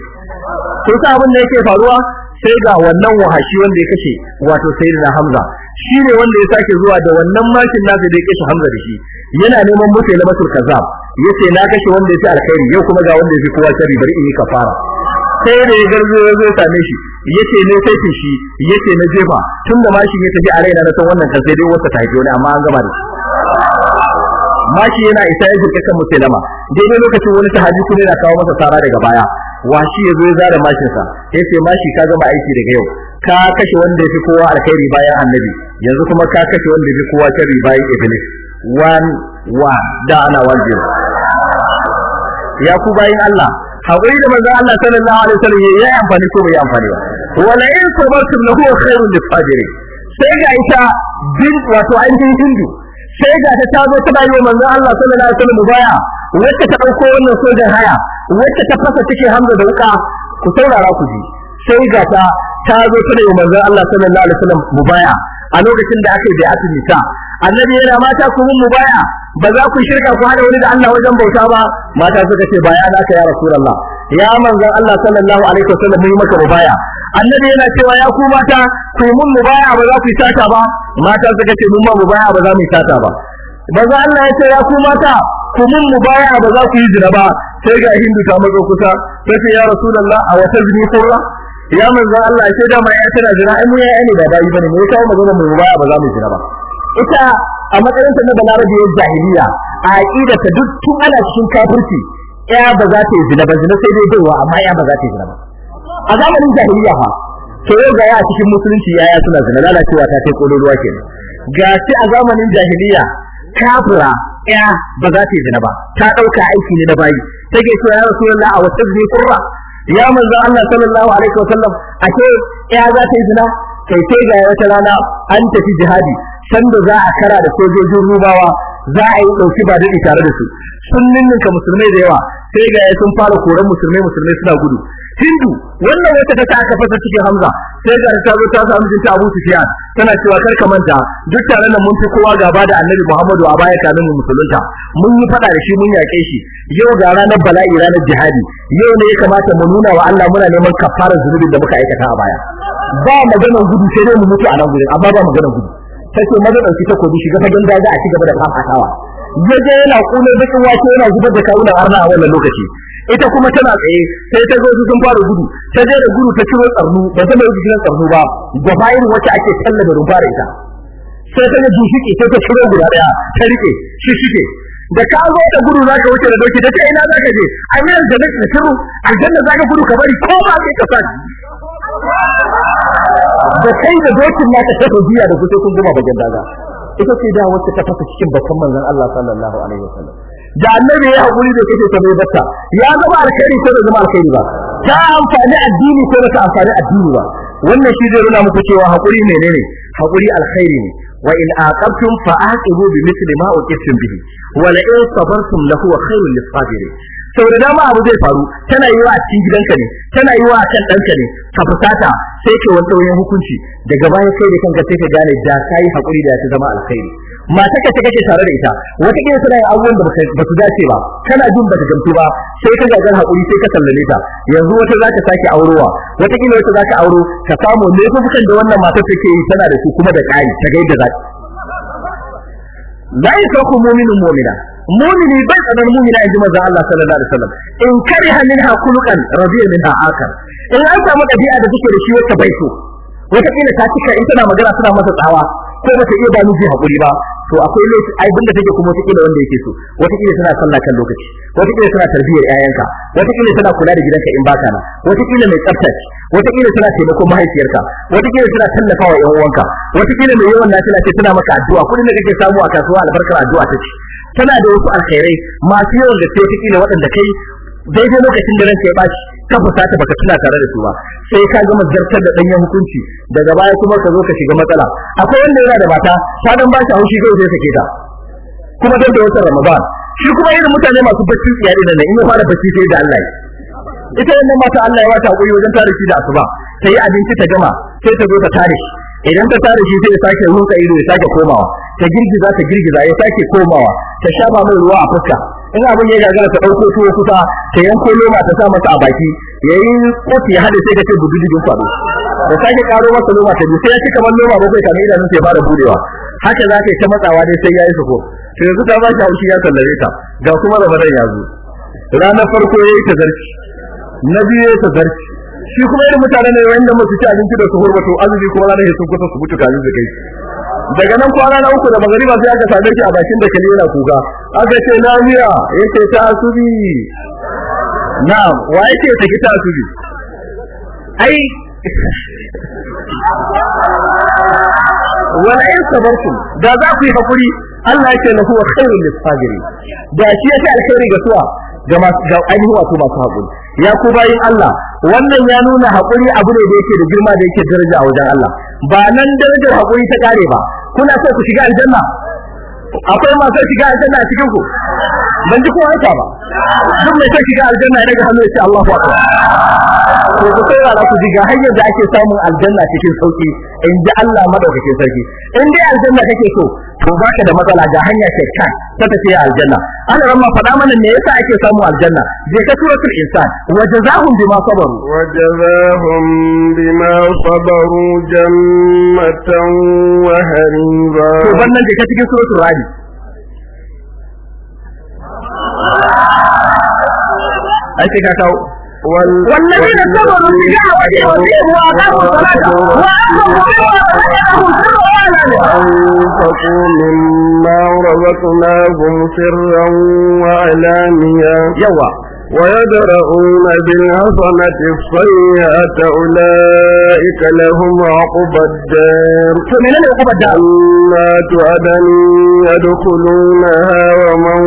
to sa abin da yake faruwa sai ga wannan wahashi wanda ya kashe wato sayyidina Hamza shi ne wanda ya sake zuwa da wannan makin nasa da ya kashe Hamza da shi yana neman musu ya kaza. kazab yace na kashe wanda ya fi alkhairi yau kuma ga wanda ya fi kowa sharri bari in yi fara. sai da ya garzo ya zo same shi yace ne sai ki shi yace na jefa tun da mashin ya tafi a raina na san wannan kasai dai wata tafi wani amma an gama da shi mashi yana isa ya jirka kan musulama daidai lokacin wani sahabi kuma yana kawo masa sara daga baya washi ya zo ya zara mashinsa ce mashi ka gama aiki daga yau ka kashe wanda ya fi kowa alkhairi bayan annabi yanzu kuma ka kashe wanda ya fi kowa sharri bayan iblis wan, wa, da ana one zero ya ku bayin Allah hakuri da manzon Allah sallallahu alaihi wasallam ya yi amfani ko bai amfani ba wala in sabartum lahu khairun fajiri sai ga ita bin wato ainihin hindu sai ga ta tazo ta bayo manzon Allah sallallahu alaihi wasallam baya wacce ta dauko wannan sojan haya wacce ta fasa cikin Hamza da wuka ku saurara ku ji sai ga ta ta zo tana yi manzon Allah sallallahu alaihi wasallam mubaya a lokacin da aka yi bai'atul nisa annabi yana mata ku mun mubaya ba za ku shirka ku hada wani da Allah wajen bauta ba mata suka ce baya da aka ya rasulullah ya manzon Allah sallallahu alaihi wasallam mun maka mubaya annabi yana cewa ya ku mata ku mun mubaya ba za ku yi sata ba mata suka ce mun ma mubaya ba za mu yi sata ba manzon Allah ya ce ya ku mata ku mun mubaya ba za ku yi zina ba sai ga hindu ta mazo kusa sai ya rasulullah a wata zini kurra ya manzo Allah sai da mai tana jira ai mu ya ne ba bayi bane mu kawo magana mu ba ba za mu jira ba ita a matsayin ta na balarabi ya jahiliya a aqida ta duk tun ana cikin kafirci ya ba za ta yi zina ba zina sai dai daiwa amma ya ba za ta yi zina ba a zamanin jahiliya fa to yau ga ya cikin musulunci yaya suna zina lalacewa ta kai kolon ruwa kenan ga shi a zamanin jahiliya kafira ya ba za ta yi zina ba ta dauka aiki ne na bayi take cewa ya rasulullah a wata zai ya manzo Allah sallallahu alaihi wasallam sallam. Ake ya za ta yi zina kai sai ga wata rana an tafi jihadi sanda za a kara da sojojin rubawa za a yi dauki ba daɗi tare da su sun ninninka musulmai da yawa sai ga sun fara koran musulmai musulmai suna gudu hindu wannan wata ta aka fasa cikin hamza sai ga ta zo ta samu jinta abu sufyan tana cewa kar ka manta duk tare nan mun fi kowa gaba da annabi muhammadu a baya kamin musulunta mun yi fada da shi mun yake shi yau ga ranar bala'i ranar jihadi yau ne ya kamata mu nuna wa Allah muna neman kafarar zunubin da muka aikata a baya ba maganar gudu sai dai mu mutu a nan gurin amma ba maganar gudu sai ce maza ta takobi shiga fagen daga a ci gaba da fafatawa yaje yana kula bakin wace yana zubar da kawunan arna a wannan lokaci ita kuma tana tsaye sai ta zo su sun fara gudu ta je da gudu ta ciro tsarnu ba ta mai gidan tsarnu ba da irin wacce ake talla da rumfar ita sai ta yi dushiki sai ta ciro guda daya ta rike shi shike da ka zo da gudu za ka wuce da doki da ta ina za ka je a mai da nake da shiru za ka gudu ka bari ko ba sai ka sani da kai da dokin naka ta biya da kusa kun goma bagen daga ita ce da wacce ta fasa cikin bakan manzon Allah sallallahu alaihi wasallam da annabi ya hakuri da kake ta bai bata ya zama alkhairi ko da zama alkhairi ba ta amfani addini ko da ta amfani addini ba wannan shi zai nuna muku cewa hakuri menene hakuri alkhairi ne wa in aqabtum fa aqibu bi mithli ma uqibtum bihi wa la in sabartum lahu khairul lisabirin sau da dama abu zai faru tana yi wa a cikin gidanka ne tana yi wa a kan ɗanka ne ka fusata sai ke wani wani hukunci daga baya kai da kanka sai ka gane da ka yi hakuri da ta zama alkhairi mata kace kashe tare da ita wata kila tana yin abubuwan da ba su dace ba kana jin ba ta gamsu ba sai ka gagar hakuri sai ka sallame ta yanzu wata zaka sake aurowa wata kila wata zaka auro ka samu ne da wannan mata take yi tana da su kuma da kai ta ga yadda zaka la yasraku mu'minun mu'mina mu'mini bai tsanar mu'mina inji manzo Allah sallallahu alaihi wasallam in kariha minha khuluqan radiya minha akar in an samu dabi'a da take da shi wata bai so wata ta cika in tana magana tana masa tsawa ko ba ta iya ba miji hakuri ba to akwai laifi ai banda take kuma wata kila wanda yake so wata kila tana sallah kan lokaci wata kila tana tarbiyyar ƴaƴanka wata kila tana kula da gidanka in baka na wata kila mai tsaftace wata kila tana taimakon mahaifiyarka wata kila tana tallafawa ƴan uwanka wata kila mai yawan lafiya ce tana maka addu'a kullum da kake samu a kasuwa albarkar addu'a take tana da wasu alkhairai masu yawan da sai kila waɗanda kai daidai lokacin da ranka ya bashi ka fusata baka tuna tare da su ba sai ka gama zartar da danyen hukunci daga baya kuma ka zo ka shiga matsala akwai wanda yana da mata ta dan ba shi haushi zai sake ta kuma dan da wata ramadan shi kuma irin mutane masu bacci da nan in ya fara bacci sai da Allah ita wannan mata Allah ya wata hakuri wajen tare shi da asuba sai abinci ta gama sai ta zo ta tare idan ta tare shi sai ya sake ruka ido ya sake komawa ta girgiza ta girgiza ya sake komawa ta shaba mai ruwa a fuska in abin ya gagara ta dauko tuwo kusa ta yanko noma ta sa masa a baki yi kofi ya haɗe sai ka ce budu jigin kwado da sake karo masa noma ta biyu, sai ya cika noma ba kai kamar nufi ba fara budewa haka za ka yi ta matsawa dai sai ya yi suko sai yanzu ta ba shi haushi ya sallare ta ga kuma ramadan ya zo ranar farko ya ta zarci na biyu ta zarci shi kuma irin mutane ne wanda masu ci abinci da su hurba to azumi kuma ranar ya sun kusa su mutu kamin su kai daga nan kwana na uku da magariba sai aka same shi a bakin da kalle yana kuka aka ce lafiya yake ta asubi na'am wa yake ta kita asubi ai wala in sabartum da za ku yi hakuri Allah yake na huwa khairul lisabiri da shi yake alkhairi ga suwa ga ga ainihin wato masu hakuri ya ku bayin Allah wannan ya nuna hakuri abu ne da yake da girma da yake daraja a wajen Allah ba nan darajar hakuri ta kare ba kuna so ku shiga aljanna akwai masu shiga aljanna a cikin ku ban ji kowa yasa ba duk mai son shiga aljanna ya daga hannu ya ce Allahu akbar to ku sai za ku ji hanyar da ake samun aljanna cikin sauki in ji Allah madaukakin sarki in dai aljanna kake so to ka da matsala ga hanya ce kan ta tafiya aljanna ana ramma faɗa mana me yasa ake samun aljanna je ka suratul insan wa jazaahum bima sabaru wa jazaahum bima sabaru jannatan wa harira to wannan je ka cikin suratul radi ai sai ka kawo والذين صبروا التجارة وسيروا وأقاموا الصلاة وأنفقوا وأنفقوا مما رزقناهم سرا وعلانية يوا ويدرؤون بالعصمة الصيئة أولئك لهم عقب الدار فمن عقب الدار جنات عدن يدخلونها ومن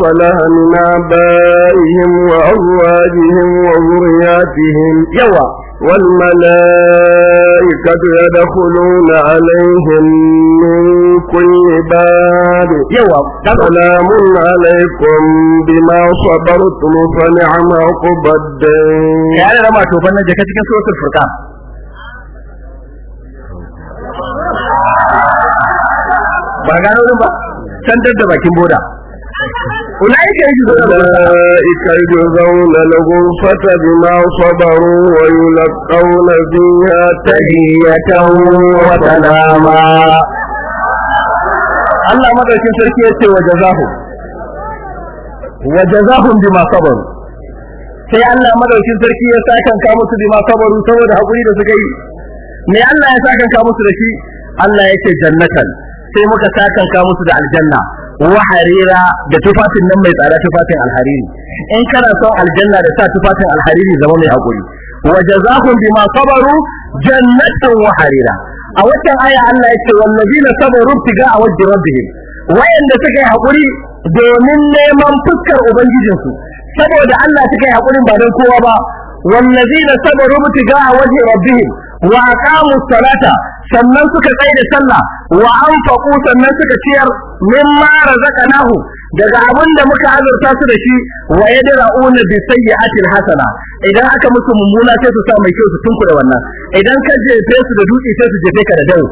صلح من آبائهم وأزواجهم وذرياتهم يوا والملائكة يدخلون عليهم من كل باب سلام عليكم بما صبرتم فنعم عقب الدين يا أنا لما أشوف أن جاكتك سورة الفرقان ba gano ba can da bakin boda أولئك يجزون الغرفة بما صبروا ويلقون فيها تهية وسلاما Allah madaukin sarki ya ce wa jazahum wa jazahum bima sabaru sai Allah madaukin sarki ya sakan ka musu bima sabaru saboda hakuri da suka yi me Allah ya sakan ka musu da shi Allah ya ce jannatan sai muka sakan ka musu da aljanna wa da tufafin nan mai tsada tufafin alhariri in kana son aljanna da sa tufafin alhariri zama mai hakuri wa jazahum bima sabaru jannatan wa harira a watan aya Allah yake wallazina sabaru tiga a wajhi rabbihim wayanda suka yi hakuri domin neman fuskar ubangijinsu saboda Allah suka yi hakuri ba don kowa ba wallazina sabaru tiga a wajhi rabbihim wa aqamu salata sannan suka tsaye da sallah wa anfaqu sannan suka ciyar mimma razaqnahu daga abin da muka azurta su da shi wa yadra'una bi sayyi'atil hasana idan aka musu mummuna sai su sa mai kyau su tunkuda wannan idan ka jefe su da dutse sai su jefe ka da dawo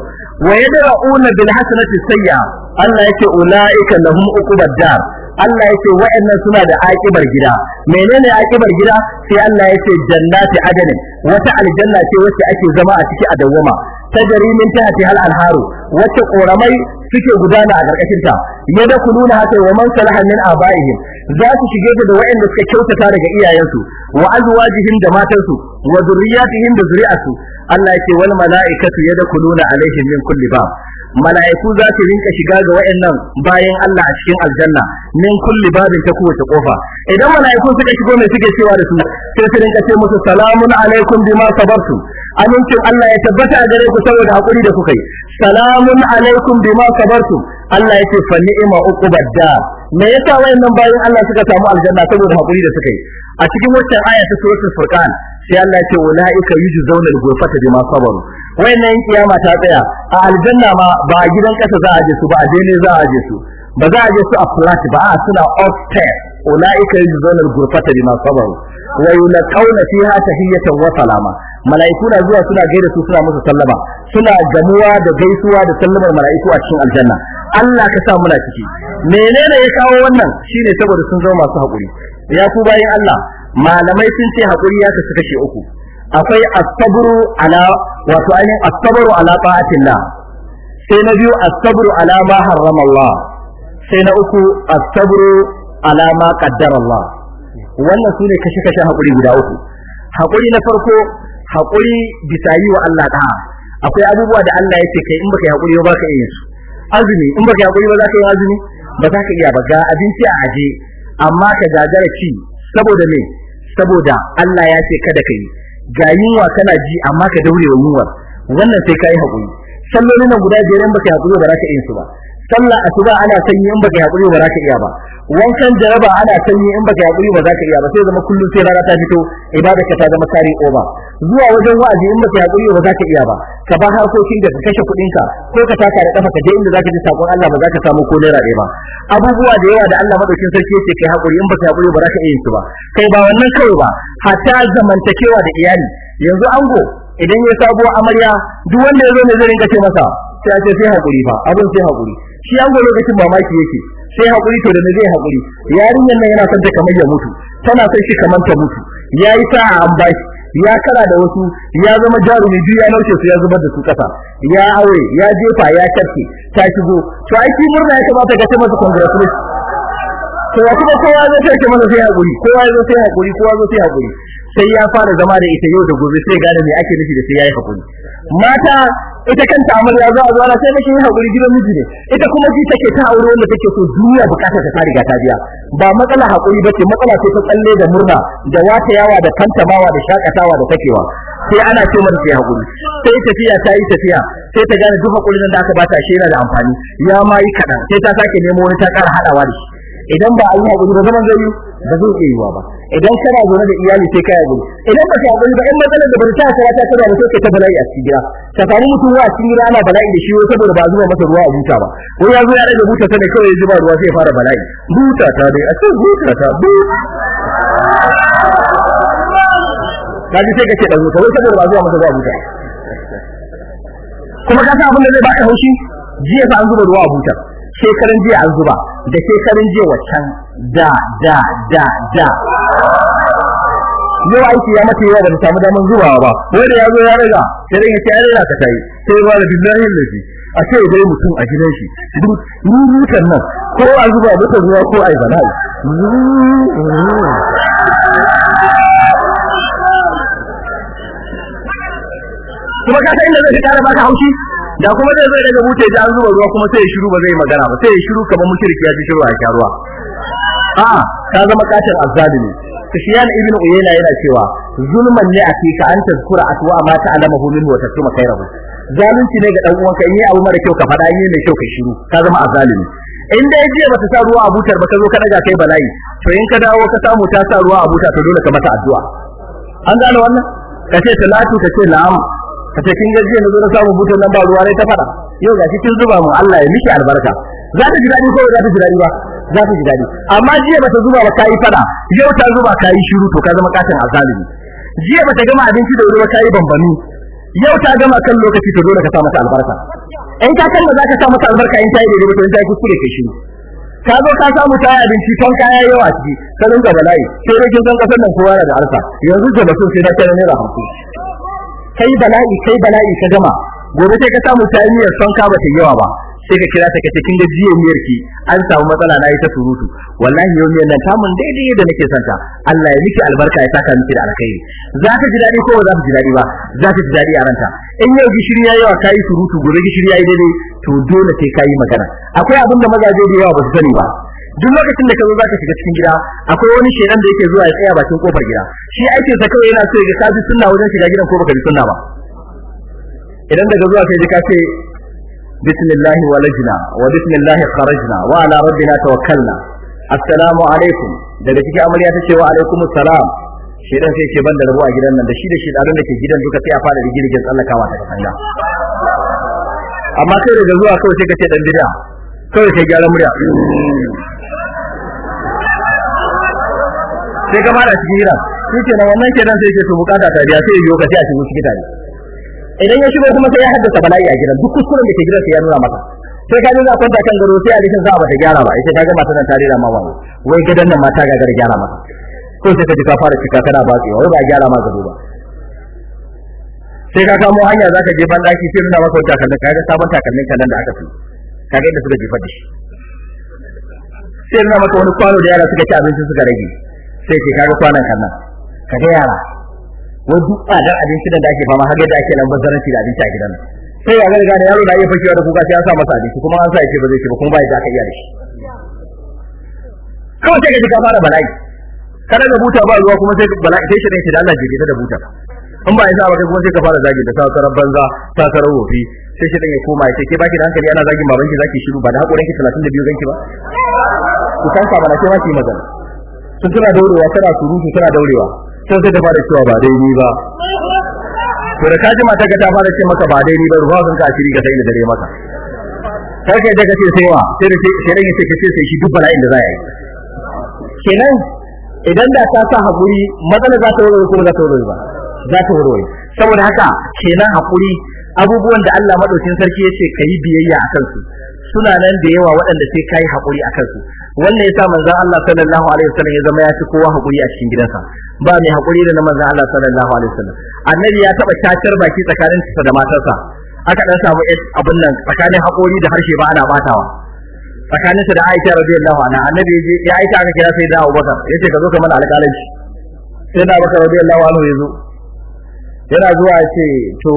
wa yadra'una bil hasanati sayyi'a Allah yake ulaika lahum uqubad dar Allah yake wa'annan suna da akibar gida menene akibar gida sai Allah yake jannati adani wata aljanna ce wacce ake zama a ciki a dawwama tajari min tahtiha hal alharu, wacce koramai suke gudana a karkashin ta yadkhuluna hatta wa man salaha min abaihim za su shige da waɗanda suka kyautata daga iyayensu wa azwajihim da matansu wa zurriyatihim da zuri'atu Allah yake wal mala'ikatu ku alaihim min kulli bab mala'iku za su rinka shiga ga wayannan bayan Allah a cikin aljanna min kulli babin ta kowace kofa idan mala'iku suka shigo mai suke cewa da su sai su rinka ce musu salamun alaikum bima sabartu amincin Allah ya tabbata a gare ku saboda hakuri da kuka yi salamun alaikum bima sabartu Allah yake fa ni'ma uqubad dar me yasa wayannan bayan Allah suka samu aljanna saboda hakuri da suka yi a cikin wannan aya ta suratul furqan sai Allah ya ce ulaika yujzauna al-ghurfata bima sabaru wayannan in kiyama ta tsaya a aljanna ma ba a gidan kasa za a je su ba a ne za a je su ba za a je su a flat ba a suna upstairs ulaika yajzuna al-ghurfata bima sabaru wa yulqawna fiha tahiyatan wa salama mala'iku na zuwa suna gaida su suna musu sallama suna gamuwa da gaisuwa da sallamar mala'iku a cikin aljanna Allah ka sa muna ciki menene ya kawo wannan shine saboda sun zama masu hakuri ya ku bayin Allah malamai sun ce hakuri ya kasu kashe uku akwai asabru ala wato ai asabru ala ta'atillah sai na biyu asabru ala ma harrama Allah sai na uku asabru ala ma qaddara Allah wannan sune kashi kashi hakuri guda uku hakuri na farko hakuri bisa yi wa Allah da'a akwai abubuwa da Allah yake kai in baka yi hakuri ba ka yi su azumi in baka yi hakuri ba za ka yi azumi ba za ka iya ba ga abinci a aje amma ka gagara ci saboda me saboda Allah ya ce kada ka yi ga yunwa kana ji amma ka daure wa yunwar wannan sai kai hakuri sallolin nan guda jeren ba kai hakuri ba za ka yin su ba sallah asuba ana sanyi in baka haƙuri ba za ka iya ba wankan jaraba ana sanyi in baka haƙuri ba za ka iya ba sai zama kullum sai rana ta fito ibada ta zama kari ba, zuwa wajen wa'azi in baka haƙuri ba za ka iya ba ka ba harkokin da ka kashe kuɗin ka ko ka taka da kafa ka je inda zaka ji sakon Allah ba za ka samu ko naira ɗaya ba abubuwa da yawa da Allah madaukin sarki yake kai hakuri in baka haƙuri ba za ka iya yin su ba kai ba wannan kai ba hatta zamantakewa da iyali yanzu ango idan ya sabuwa amarya duk wanda ya zo ne zai rinka ce masa sai a ce sai hakuri ba abin sai hakuri shi an go lokacin mamaki yake sai hakuri to da me zai hakuri yarinyar nan yana son ta kamar ya mutu tana son shi kamar ta mutu yayi ta an bashi ya kara da wasu ya zama jarumi biyu ya nauce su ya zubar da su kasa ya aure ya jefa ya karke ta shigo to ai ki murna ya kamata ka ta masa congratulations to ya kuma kowa zai ke masa sai hakuri kowa zai sai hakuri kowa zai sai hakuri sai ya fara zama da ita yau da gobe sai gane me ake nufi da sai yayi hakuri mata ita kanta amarya za a zo ana sai kake hakuri gidan miji ne ita kuma ji take ta aure wanda take so duniya bukatar ta riga ta biya ba matsala hakuri bace matsala ce ta tsalle da murna da wata yawa da bawa da shakatawa da takewa sai ana ce mata sai hakuri sai tafiya ta yi tafiya sai ta gane duk hakurin da aka bata shi yana da amfani ya ma yi sai ta sake nemo wani ta kara hadawa da shi idan ba a yi hakuri ba zaman zai yi ba zai iya yiwa ba idan kana zaune da iyali sai kai gudu idan ba ka gudu ba in matsalar da ba ta tsara ta tsara sai ka ta bala'i a cikin gida ka samu mutum ruwa cikin gida ana bala'i da shi saboda ba zuwa masa ruwa a buta ba ko ya zo ya rage buta ta da kawai zuba ruwa sai fara bala'i buta ta dai a cikin buta ta bu kaji sai kace da buta wai saboda ba zuwa masa ruwa a buta kuma ka san abin da zai baka haushi jiya fa an zuba ruwa a buta shekaran jiya an zuba da shekaran jiya waccan da da da da yau aiki ya mace yau da ta samu daman zuwa ba wanda ya zo ya riga sai dai ya ce ai ka kai sai ruwa da billahi lafi a ce dai mutum a gidan shi ni mutan nan ko a zuba mutum zuwa ko ai bala'i kuma ka san da zai kara baka haushi da kuma zai zai daga bute ji an zuba ruwa kuma sai ya shiru ba zai magana ba sai ya shiru kamar mushriki ya ji shiru a ruwa a ta zama kafir azzalimi Sufyan ibn Uyayna yana cewa zulman ne a ka an tazkura atwa ma ta'lamu minhu wa tattuma rabu. zalunci ne ga dan uwanka in yi abu mara kyau ka fada in yi mai kyau ka shiru ka zama azzalimi in dai jiya bata sa ruwa a butar ba ka zo ka daga kai bala'i to in ka dawo ka samu ta sa ruwa a buta to dole ka mata addu'a an gane wannan ka ce talatu ka ce na'am ka ce kin gajiya na zo na samu butar nan ba ruwa ne ta fada yau ga kin zuba mu Allah ya miki albarka za ta ji dadi ko za ta ji dadi ba za ta ji daɗi. amma jiya bata zuba ba kayi fada yau ta zuba kayi shiru to ka zama katin azalimi jiya bata gama abinci da wuri ba kayi bambami yau ta gama kan lokaci to dole ka sa mata albarka in ka kalla za ka sa mata albarka in ta yi daidai to in ta yi kuskure kai shiru ka zo ka samu yi abinci ton kaya yawa ciki ka rinka bala'i sai dai kin san kasar nan kowa da arsa yanzu da mutum sai da kai naira 50 kai bala'i kai bala'i ka gama gobe sai ka samu tayiyar son ka ta yawa ba sai ka kira ta kace kin ga jiya miyar ki an samu matsala na yi ta surutu wallahi yau miyar nan tamun daidai da nake santa Allah ya miki albarka ya saka miki da alkhairi za ka ji dadi ko ba za ka ji dadi ba za ka ji dadi a ranta in yau gishiri yayi yawa kai surutu gobe gishiri yayi daidai to dole sai kai magana akwai abin da mazaje da yawa ba su sani ba duk lokacin da ka zo za ka shiga cikin gida akwai wani shedan da yake zuwa ya tsaya bakin kofar gida shi aikin sa kawai yana so ya ga ka sunna wajen shiga gidan ko baka ji sunna ba idan daga zuwa sai ka ce بسم الله ولجنا وبسم الله خرجنا وعلى ربنا توكلنا السلام alaikum daga cikin amarya ta ce wa alaikum assalam dan sai ce banda rabu a gidan nan da shi da shi da ke gidan duka sai a fara da girgin tsallakawa daga sanda amma sai daga zuwa kawai sai ka ce dan bid'a kawai sai gyara murya sai ka fara cikin hira shi ke nan wannan kenan sai ke to bukata ta biya sai ya yi ka sai a cikin cikin tare idan ya shigo kuma sai ya haddasa bala'i a gidan duk kuskuren da ke gidan sai ya nuna mata sai ka za kwanta kan garo sai a likin za a bata gyara ba ita kaga matan ta da ma wani wai gidan nan mata gagar gyara mata ko sai ka ji ka fara cika kana batsewa wai ba gyara ma gado ba sai ka kamo hanya za ka je daki sai nuna maka takalmin kaga sabon takalmin kallon da aka fi kaga inda suka jefa da shi sai nuna maka wani kwano da yara suka ci abinci suka rage sai ke kaga kwanan ka ga yara wai duk tsadar abinci da ake fama har yadda ake nan bazaranci da abinci a gidan nan sai ya ga da yaro na iya fashewa da kuka sai an sa masa abinci kuma an sa yake ba zai ci ba kuma ba ya ka iya da shi kawai sai ka ji ka fara bala'i kada da buta ba ruwa kuma sai bala'i sai shirin ki da Allah jike da buta in ba ya sa ba kai kuma sai ka fara zagi da sakarar banza sakarar wofi sai shi ya koma ya ce ke baki da hankali ana zagin babanki za ki shiru ba da hakorin ki biyu ganki ba ku san ka bana ke ma ki magana sun tana daurewa tana surutu tana daurewa sai sai ta fara cewa ba daidai ba to da kaji mata ka ta fara ce maka ba daidai ba ruwa sun ka shiri ga sai da dare maka sai kai daga ce sai wa sai da sai dan yace ka ce sai shi duk bala'in da za yi kenan idan da ta sa hakuri matsalar za ta warware kuma za ta warware ba za ta warware saboda haka kenan hakuri abubuwan da Allah madaukin sarki yace kai biyayya akan su suna nan da yawa waɗanda sai kai hakuri akan su wannan yasa manzon Allah sallallahu alaihi wasallam ya zama ya ci kowa hakuri a cikin gidansa ba mai hakuri da namazin Allah sallallahu alaihi wasallam annabi ya taba cacar baki tsakanin sa da matarsa aka dan samu abun nan tsakanin hakuri da harshe ba ana batawa tsakanin sa da Aisha radiyallahu anha annabi ya Aisha aka kira sai da Abubakar yace ka zo ka mana alƙalanci sai da Abubakar radiyallahu anhu yazo yana zuwa yace to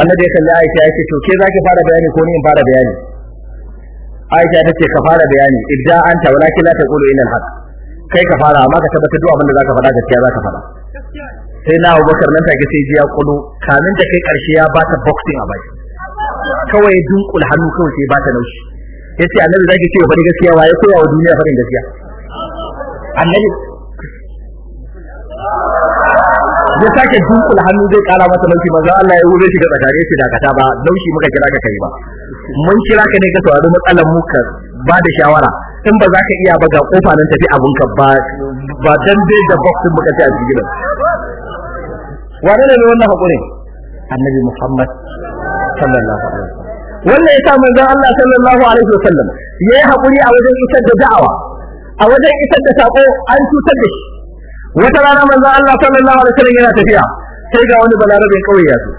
annabi ya kalli Aisha yace to ke zaki fara bayani ko ni in fara bayani Aisha tace ka fara bayani idda anta walakin la taqulu illa al-haqq kai ka fara amma ka tabbatar duk abin da zaka faɗa gaskiya zaka faɗa sai na Abubakar nan take sai jiya ya kudu kamin ta kai karshe ya bata boxing a baki kawai dunkul hannu kawai sai bata naushi yace annabi zaki ce faɗi gaskiya waye koya wa duniya farin gaskiya annabi ya sake dunkul hannu zai kara mata laushi maza Allah ya wuri ga tsakare yace dakata ba laushi muka kira ka kai ba mun kira ka ne ka saurari matsalar mu ka ba da shawara in ba za ka iya ba ga kofa nan tafi abun ka ba ba dan dai da box din baka ci a cikin gidan wane ne wannan hakuri annabi muhammad sallallahu alaihi wasallam wannan yasa manzon Allah sallallahu alaihi wasallam yayi hakuri a wajen isar da da'awa a wajen isar da sako an cutar da shi wata rana manzon Allah sallallahu alaihi wasallam yana tafiya sai ga wani balarabe kauye ya zo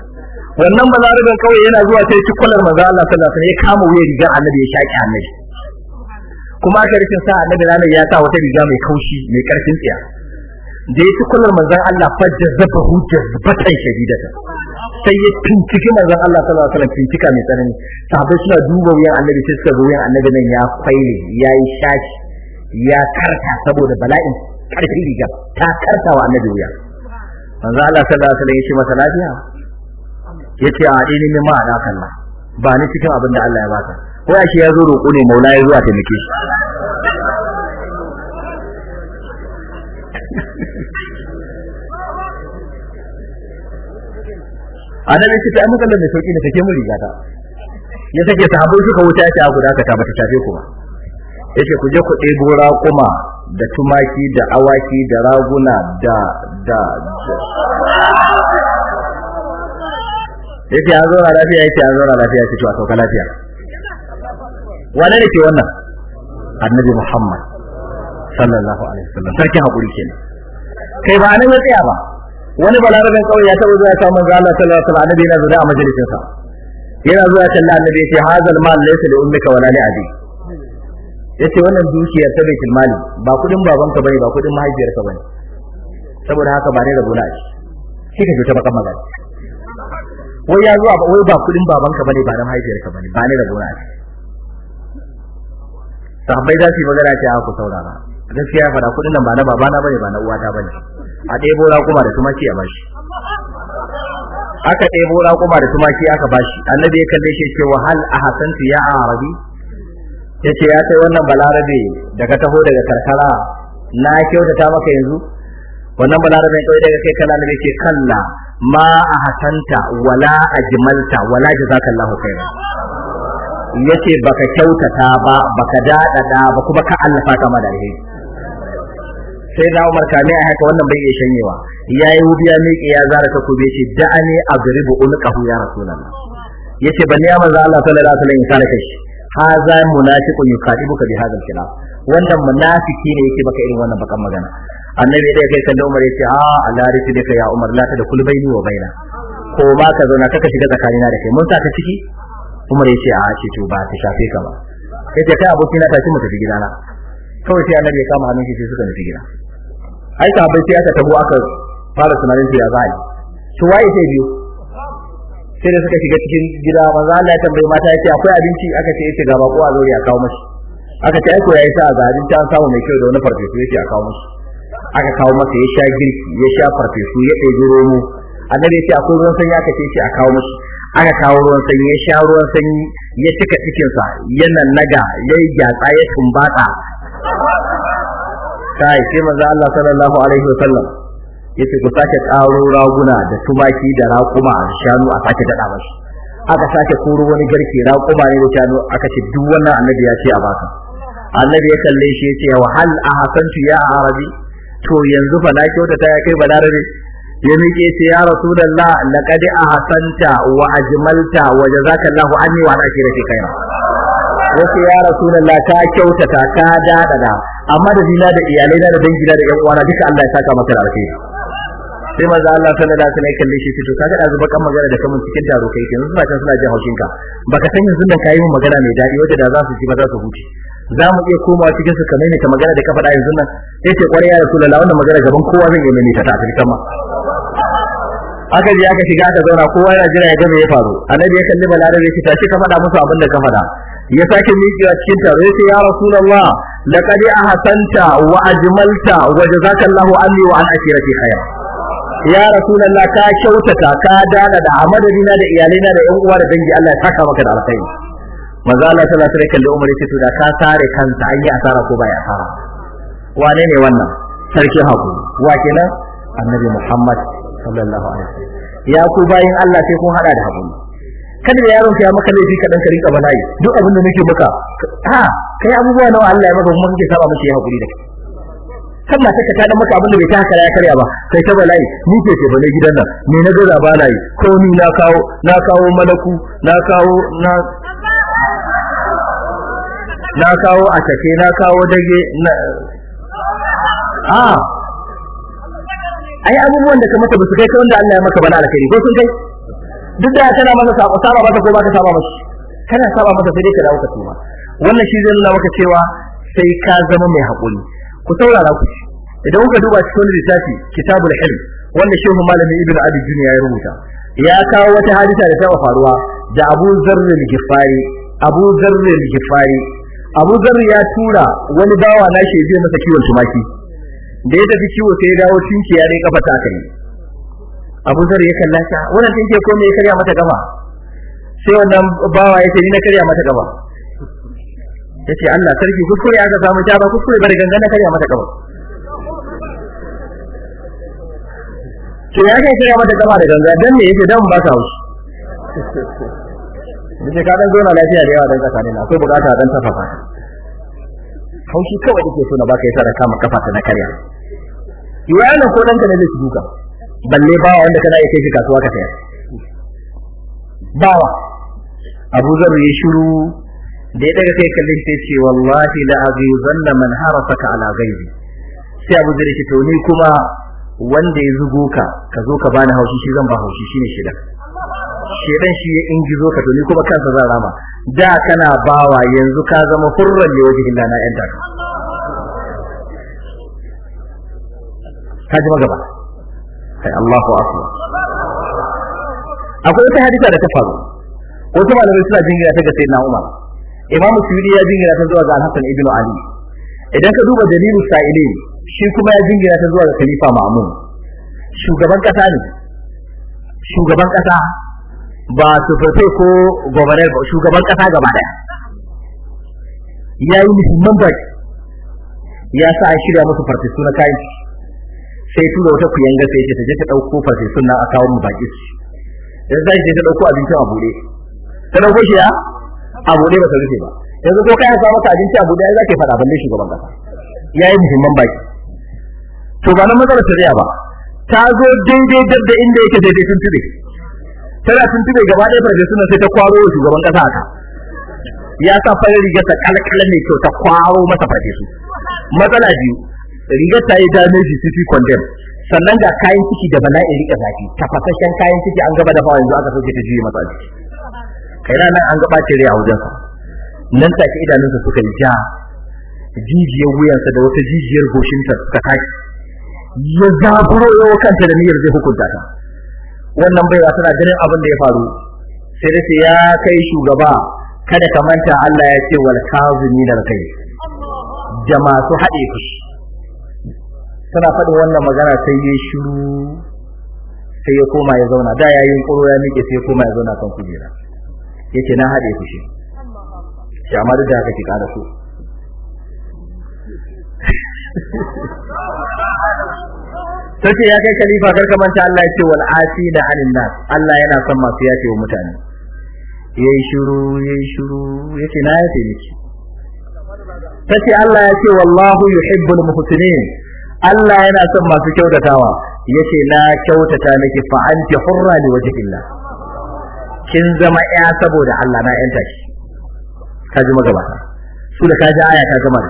wannan balarabe kauye yana zuwa sai ci kullar manzon Allah sallallahu alaihi wasallam ya kama wuyar rigar annabi ya shaki annabi kuma aka rikin sa annabi ranar ya sa wata riga mai kaushi mai karfin tsiya da ya ci kullar manzon Allah fajja zaba hujjar batan shadidata sai ya tuntiki manzon Allah sallallahu alaihi wasallam tuntika mai tsanani sahabbai suna duba wuyan annabi sai suka wuyan annabi nan ya kwaile ya yi shaki ya karta saboda bala'in karfin riga ta karta wa annabi wuya manzon Allah sallallahu alaihi wasallam ya ce masa lafiya yace a dini ne ma alakan ba ni cikin abin da Allah ya baka ko shi ya zo roƙo ne maula ya zuwa taimake shi a nan shi ta matsalar mai sauƙi da take mun riga ta ya take shi ka wuta ta guda ka ta bata tafe ku ba yace ku je ku ɗebo raƙuma da tumaki da awaki da raguna da da yace an zo lafiya ce an zo lafiya yace to a sauka lafiya wane ne ke wannan annabi muhammad sallallahu alaihi wasallam sarki hakuri kenan kai ba nan ya tsaya ba wani balarabin kawai ya taɓa zuwa ta manzo Allah sallallahu alaihi wasallam annabi yana zuwa a majalisin sa yana zuwa talla annabi ce, hazal mal laysa li ummika wala li abi yace wannan dukiya ta bai kilmali ba kudin babanka bane ba kudin mahaifiyarka bane saboda haka ba ne rabo na shi shi ka ta bakan magana wai ya zuwa wai ba kudin babanka bane ba na mahaifiyarka bane ba ne rabo na shi sahabbai za su yi magana ce a ah, saurara gaskiya fada kudin nan ba na babana bane ba na uwata bane a ɗebo raƙuma da tumaki a bashi aka ɗebo raƙuma da tumaki aka bashi annabi ya kalle shi ce wa hal ahsantu ya arabi yace ya sai wannan balarabe daga taho daga karkara na kyautata maka yanzu wannan balarabe kai daga kai kana nabi ce kalla ma ahsanta wala ajmalta wala jazakallahu khairan yace baka kyautata ba baka dadada ba kuma ka allafa kama da sai da Umar kame a haka wannan bai iya shanyewa yayi wubiya miƙe ya zara ta kube da ani adribu ulqahu ya rasulullah yace bani ya manzo Allah sallallahu alaihi wasallam kana kashi haza munafiqun yukadibuka bi hadha al-kalam wannan munafiki ne yake baka irin wannan bakan magana annabi dai kai kan Umar yace ha ah, Allah rufi da ya Umar la ta da kulbaini wa baina ko ba ka zauna kaka shiga tsakanina da kai mun sa ka ciki Umar ya ce a ce to ba ta shafe ka ba yace kai abokina tashi mu tafi na? kawai sai annabi ya kama hannun shi suka nufi gida ai bai sai aka tabo aka fara tunanin su ya zai to waye sai biyu sai da suka shiga cikin gida manzo Allah ya tambaye mata yace akwai abinci aka ce yace eh, ga bako a zo ya kawo mashi aka ce ai ko yayi sa ga abinci an samu mai kyau da wani farfesu yace a kawo mashi aka kawo masa ya sha girki ya sha farfesu ya ɗebi romo annabi yace akwai ruwan sanya aka ce yace a kawo mashi aka kawo ruwan sanyi ya sha ruwan sanyi ya cika cikinsa yana naga ya yi gyatsa ya tumbata kai sai manzo Allah sallallahu alaihi wasallam yace ku sake karo raguna da tumaki da raƙuma da shanu a sake dada mashi aka sake koro wani garke raƙuma ne da shanu aka ce duk wannan annabi ya ce a baka annabi ya kalle shi yace wa hal ahsantu ya arabi to yanzu fa na kyautata ya kai balarabe ya miƙe ce ya rasulullah a ahsanta wa ajmalta wa jazakallahu anni wa an da ke yace ya ce ya rasu da la ta kyautata ka dadada amma da dina da iyalai da dangi da yan uwana duka Allah ya saka maka da alheri sai maza Allah sallallahu alaihi wasallam kalle shi fito, kaga da zuba kan magana da kamun cikin taro kai kenan suna can suna jin haushin ka baka san yanzu da kayi magana mai daɗi, wanda da za su ji ba za su huce za mu iya komawa cikin su kamar ne ta magana da ka faɗa yanzu nan sai ce kwarai ya rasulullah wannan magana gaban kowa zan yi mai ta ta ma aka je aka shiga aka zauna kowa yana jira ya ga me ya faru annabi ya kalli balarabe ya ce tashi ka faɗa musu abin da ka faɗa ya sake miƙewa cikin taro ya ce ya rasulullah laqad ahsanta wa ajmalta wa jazakallahu anni wa an ashirati khaira ya rasulullah ka kyautata ka dana da amadadina da iyalaina da yan uwa da dangi Allah ya saka maka da alkhairi manzo Allah ta alaihi wasallam kalli Umar ya ce to da ka sare kansa an yi asara ko ba ya asara wane ne wannan sarki Haku. wa kenan annabi Muhammad sallallahu alaihi ya ku bayin Allah sai kun hada da hakuri kada yaron ka ya maka laifi ka dan ka rinka bala'i duk abin da nake maka ha kai abubuwa nawa Allah ya maka kuma kake saba miki ya hakuri da kai kan matar ka ta dan maka abin da bai ta haka ya karya ba kai ta bala'i ni ke ce bane gidan nan ni na gaza bala'i ko ni na kawo na kawo malaku na kawo na na kawo a take na kawo dage na ah ai abubuwan da ka masa ba su kai ta da Allah ya maka bana alkhairi ko sun kai duk da kana masa saba saba masa ko ba ka saba masa kana saba masa sai dai ka dawo ka tuba wannan shi zai nuna maka cewa sai ka zama mai haƙuri, ku saurara ku idan kuka duba cikin lissafi kitabul hilm wanda shehu malami ibnu abi dunya ya rubuta ya kawo wata hadisa da ta faruwa da Abu Zarr al-Ghifari Abu Zarr al-Ghifari Abu Zarr ya tura wani bawa nashi ya je masa kiwon tumaki da ya tafi ciwo sai ya dawo tinkiya ne kafa ta kai Abu Zar ya kalla ta wannan tinkiya ko me ya karya mata gaba sai wannan bawa ya ce ni na karya mata gaba yace Allah sarki kuskure aka samu ta ba kuskure bari na karya mata gaba to ya kai karya mata gaba da ganga dan me yake dan ba ta haushi Mace ka dan zo na lafiya da yawa dan na, akwai bukata dan tafafa haushi kawai ake so na baka yasa da kama kafa ta na karya yana ko ka ne zai duka balle bawa wanda kana iya kai kasuwa ka sayar bawa Abu Zar ya shiru da ya daga kai kallon sai ce wallahi la azizanna man harasaka ala ghaibi sai Abu Zar ya ce to ni kuma wanda ya zugo ka ka zo ka bani haushi shi zan ba haushi shine shida shedan shi ya ingizo ka tuni ko kuma kansa zan rama da kana bawa yanzu ka zama hurran ne wajen na yan da kaji magaba kai Allahu akbar akwai wata hadisa da ta faru wata malamai suna jingira ta ga sayyidina Umar Imam Suyuti ya jingira ta zuwa ga Al-Hasan ibn Ali idan ka duba dalilin sa'ile shi kuma ya jingira ta zuwa ga Khalifa Ma'mun shugaban kasa ne shugaban kasa ba su fafe ko gwamnar ba shugaban kasa gaba daya ya yi muhimman ba ya sa an shirya musu farfesu na kayan sai tura wata yanga sai ce ta je ta ɗauko farfesu na a kawo mu baki su yanzu za ta ɗauko abincin a buɗe ta ɗauko shi ya a buɗe ba ta rufe ba yanzu ko kayan sa maka abinci a buɗe ya za ke faɗa balle shugaban kasa ya yi muhimman baki to ba na matsalar shari'a ba ta zo daidai da inda yake daidai sun tube tana tuntube gaba ɗaya farfesunan sai ta kwaro wa shugaban ƙasa haka ya sa farin rigar ta kalkalan mai kyau ta kwaro masa farfesu matsala biyu rigar ta yi damage city condemn sannan ga kayan ciki da bala'in rika zafi tafasashen kayan ciki an gaba da fawa yanzu aka sauke ta juye masa jiki kai ranar an gaba ce rai a wajensa nan take idanunsa suka ja jijiyar wuyansa da wata jijiyar goshinta suka tashi ya zaburo kanta da niyyar zai hukunta ta wannan baiwa tana ganin abin da ya faru sai dai ya kai shugaba kada ka manta Allah ya ce wal kazimin da kai da masu haɗe ku tana faɗin wannan magana sai ya shiru sai ya koma ya zauna da yayin koro ya miƙe sai ya koma ya zauna kan kujera yake na haɗe ku shi amma da haka ki ƙara so sai ya kai khalifa kar ka manta Allah ya ce wal asina anin nas Allah yana son masu yafe wa mutane yayi shiru yayi shiru yace na yafe miki sai Allah ya ce wallahu yuhibbul muhsinin Allah yana son masu kyautatawa yace na kyautata miki fa anti hurra li wajhillah kin zama ya saboda Allah na yanta shi kaji magaba su da kaji aya ta gama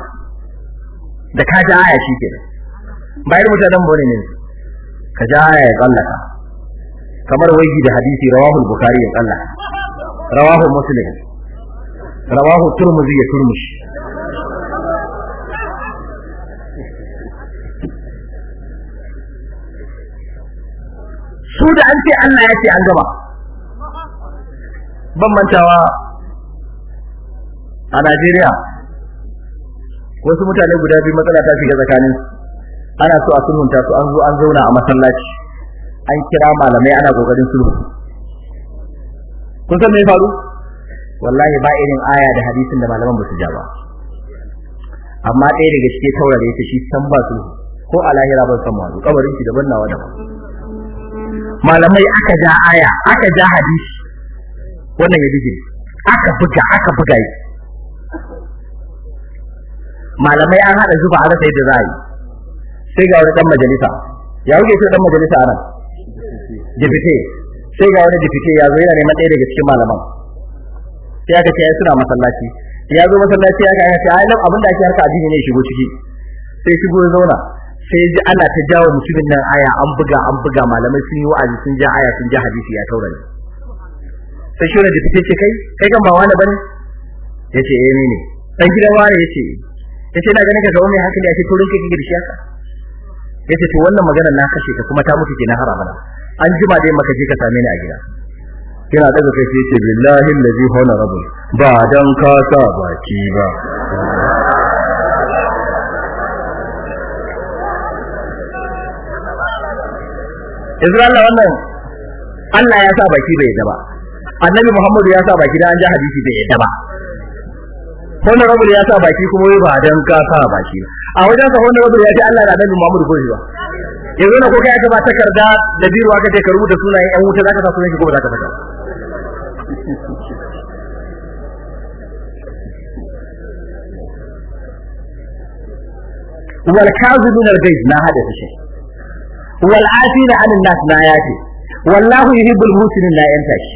da kaji aya shikenan bayar mutanen bone ne ka ja aya ya tsallaka kamar wai da hadisi rawahu bukhari ya tsallaka rawahu muslim rawahu turmuzi ya turmushi su da an ce Allah ya ce an gaba ban mantawa a Najeriya wasu mutane guda biyu matsala ta shiga tsakanin ana so a sulhunta su an zo an zauna a masallaci an kira malamai ana kokarin sulhu kun san me ya faru wallahi ba irin aya da hadisin da malaman ba su ja ba amma ɗaya daga cikin taurare ta shi san ba sulhu ko a lahira ban san mazu kabarin shi daban nawa daban malamai aka ja aya aka ja hadisi wannan ya bige aka buga aka buga malamai an hada zuba a sai da za a yi sai ga wani dan majalisa ya wuce shi dan majalisa anan dipite sai ga wani dipite ya zo yana neman ɗaya daga cikin malaman sai aka ce suna masallaci ya zo masallaci ya ga ya ce ai nan abin da ake harka addini ne shigo ciki sai shigo ya zauna sai ji ana ta jawo mutumin nan aya an buga an buga malamai sun yi wa'azi sun ja aya sun ja hadisi ya taurari sai shi wani dipite ce kai kai kan ba wani bane yace eh ne ne dan gidan wani yace yace na ganin ka ga wani hankali ake turin kake girshi haka yace to wannan maganar na kashe ta kuma ta mutu kenan har abada an jima dai maka je ka same ni a gida Kina daga kai sai yace billahi allazi hona rabbul ba dan ka sa baki ba Allah wannan Allah ya sa baki bai yadda ba Annabi Muhammadu ya sa baki da an ji hadisi bai yadda ba Honorable ya sa baki kuma wai ba dan ka sa baki a wajen sa wanda wajen ya ce Allah da Annabi Muhammadu ko ba yanzu na ko kai gaba ba takarda da biyu aka ce ka rubuta sunayen ƴan wuta zaka sa sunan shi ko ba zaka saka wal kazibun al gayz na hada shi wal afina an nas na ce, wallahu yuhibbul muhsinin na yanta shi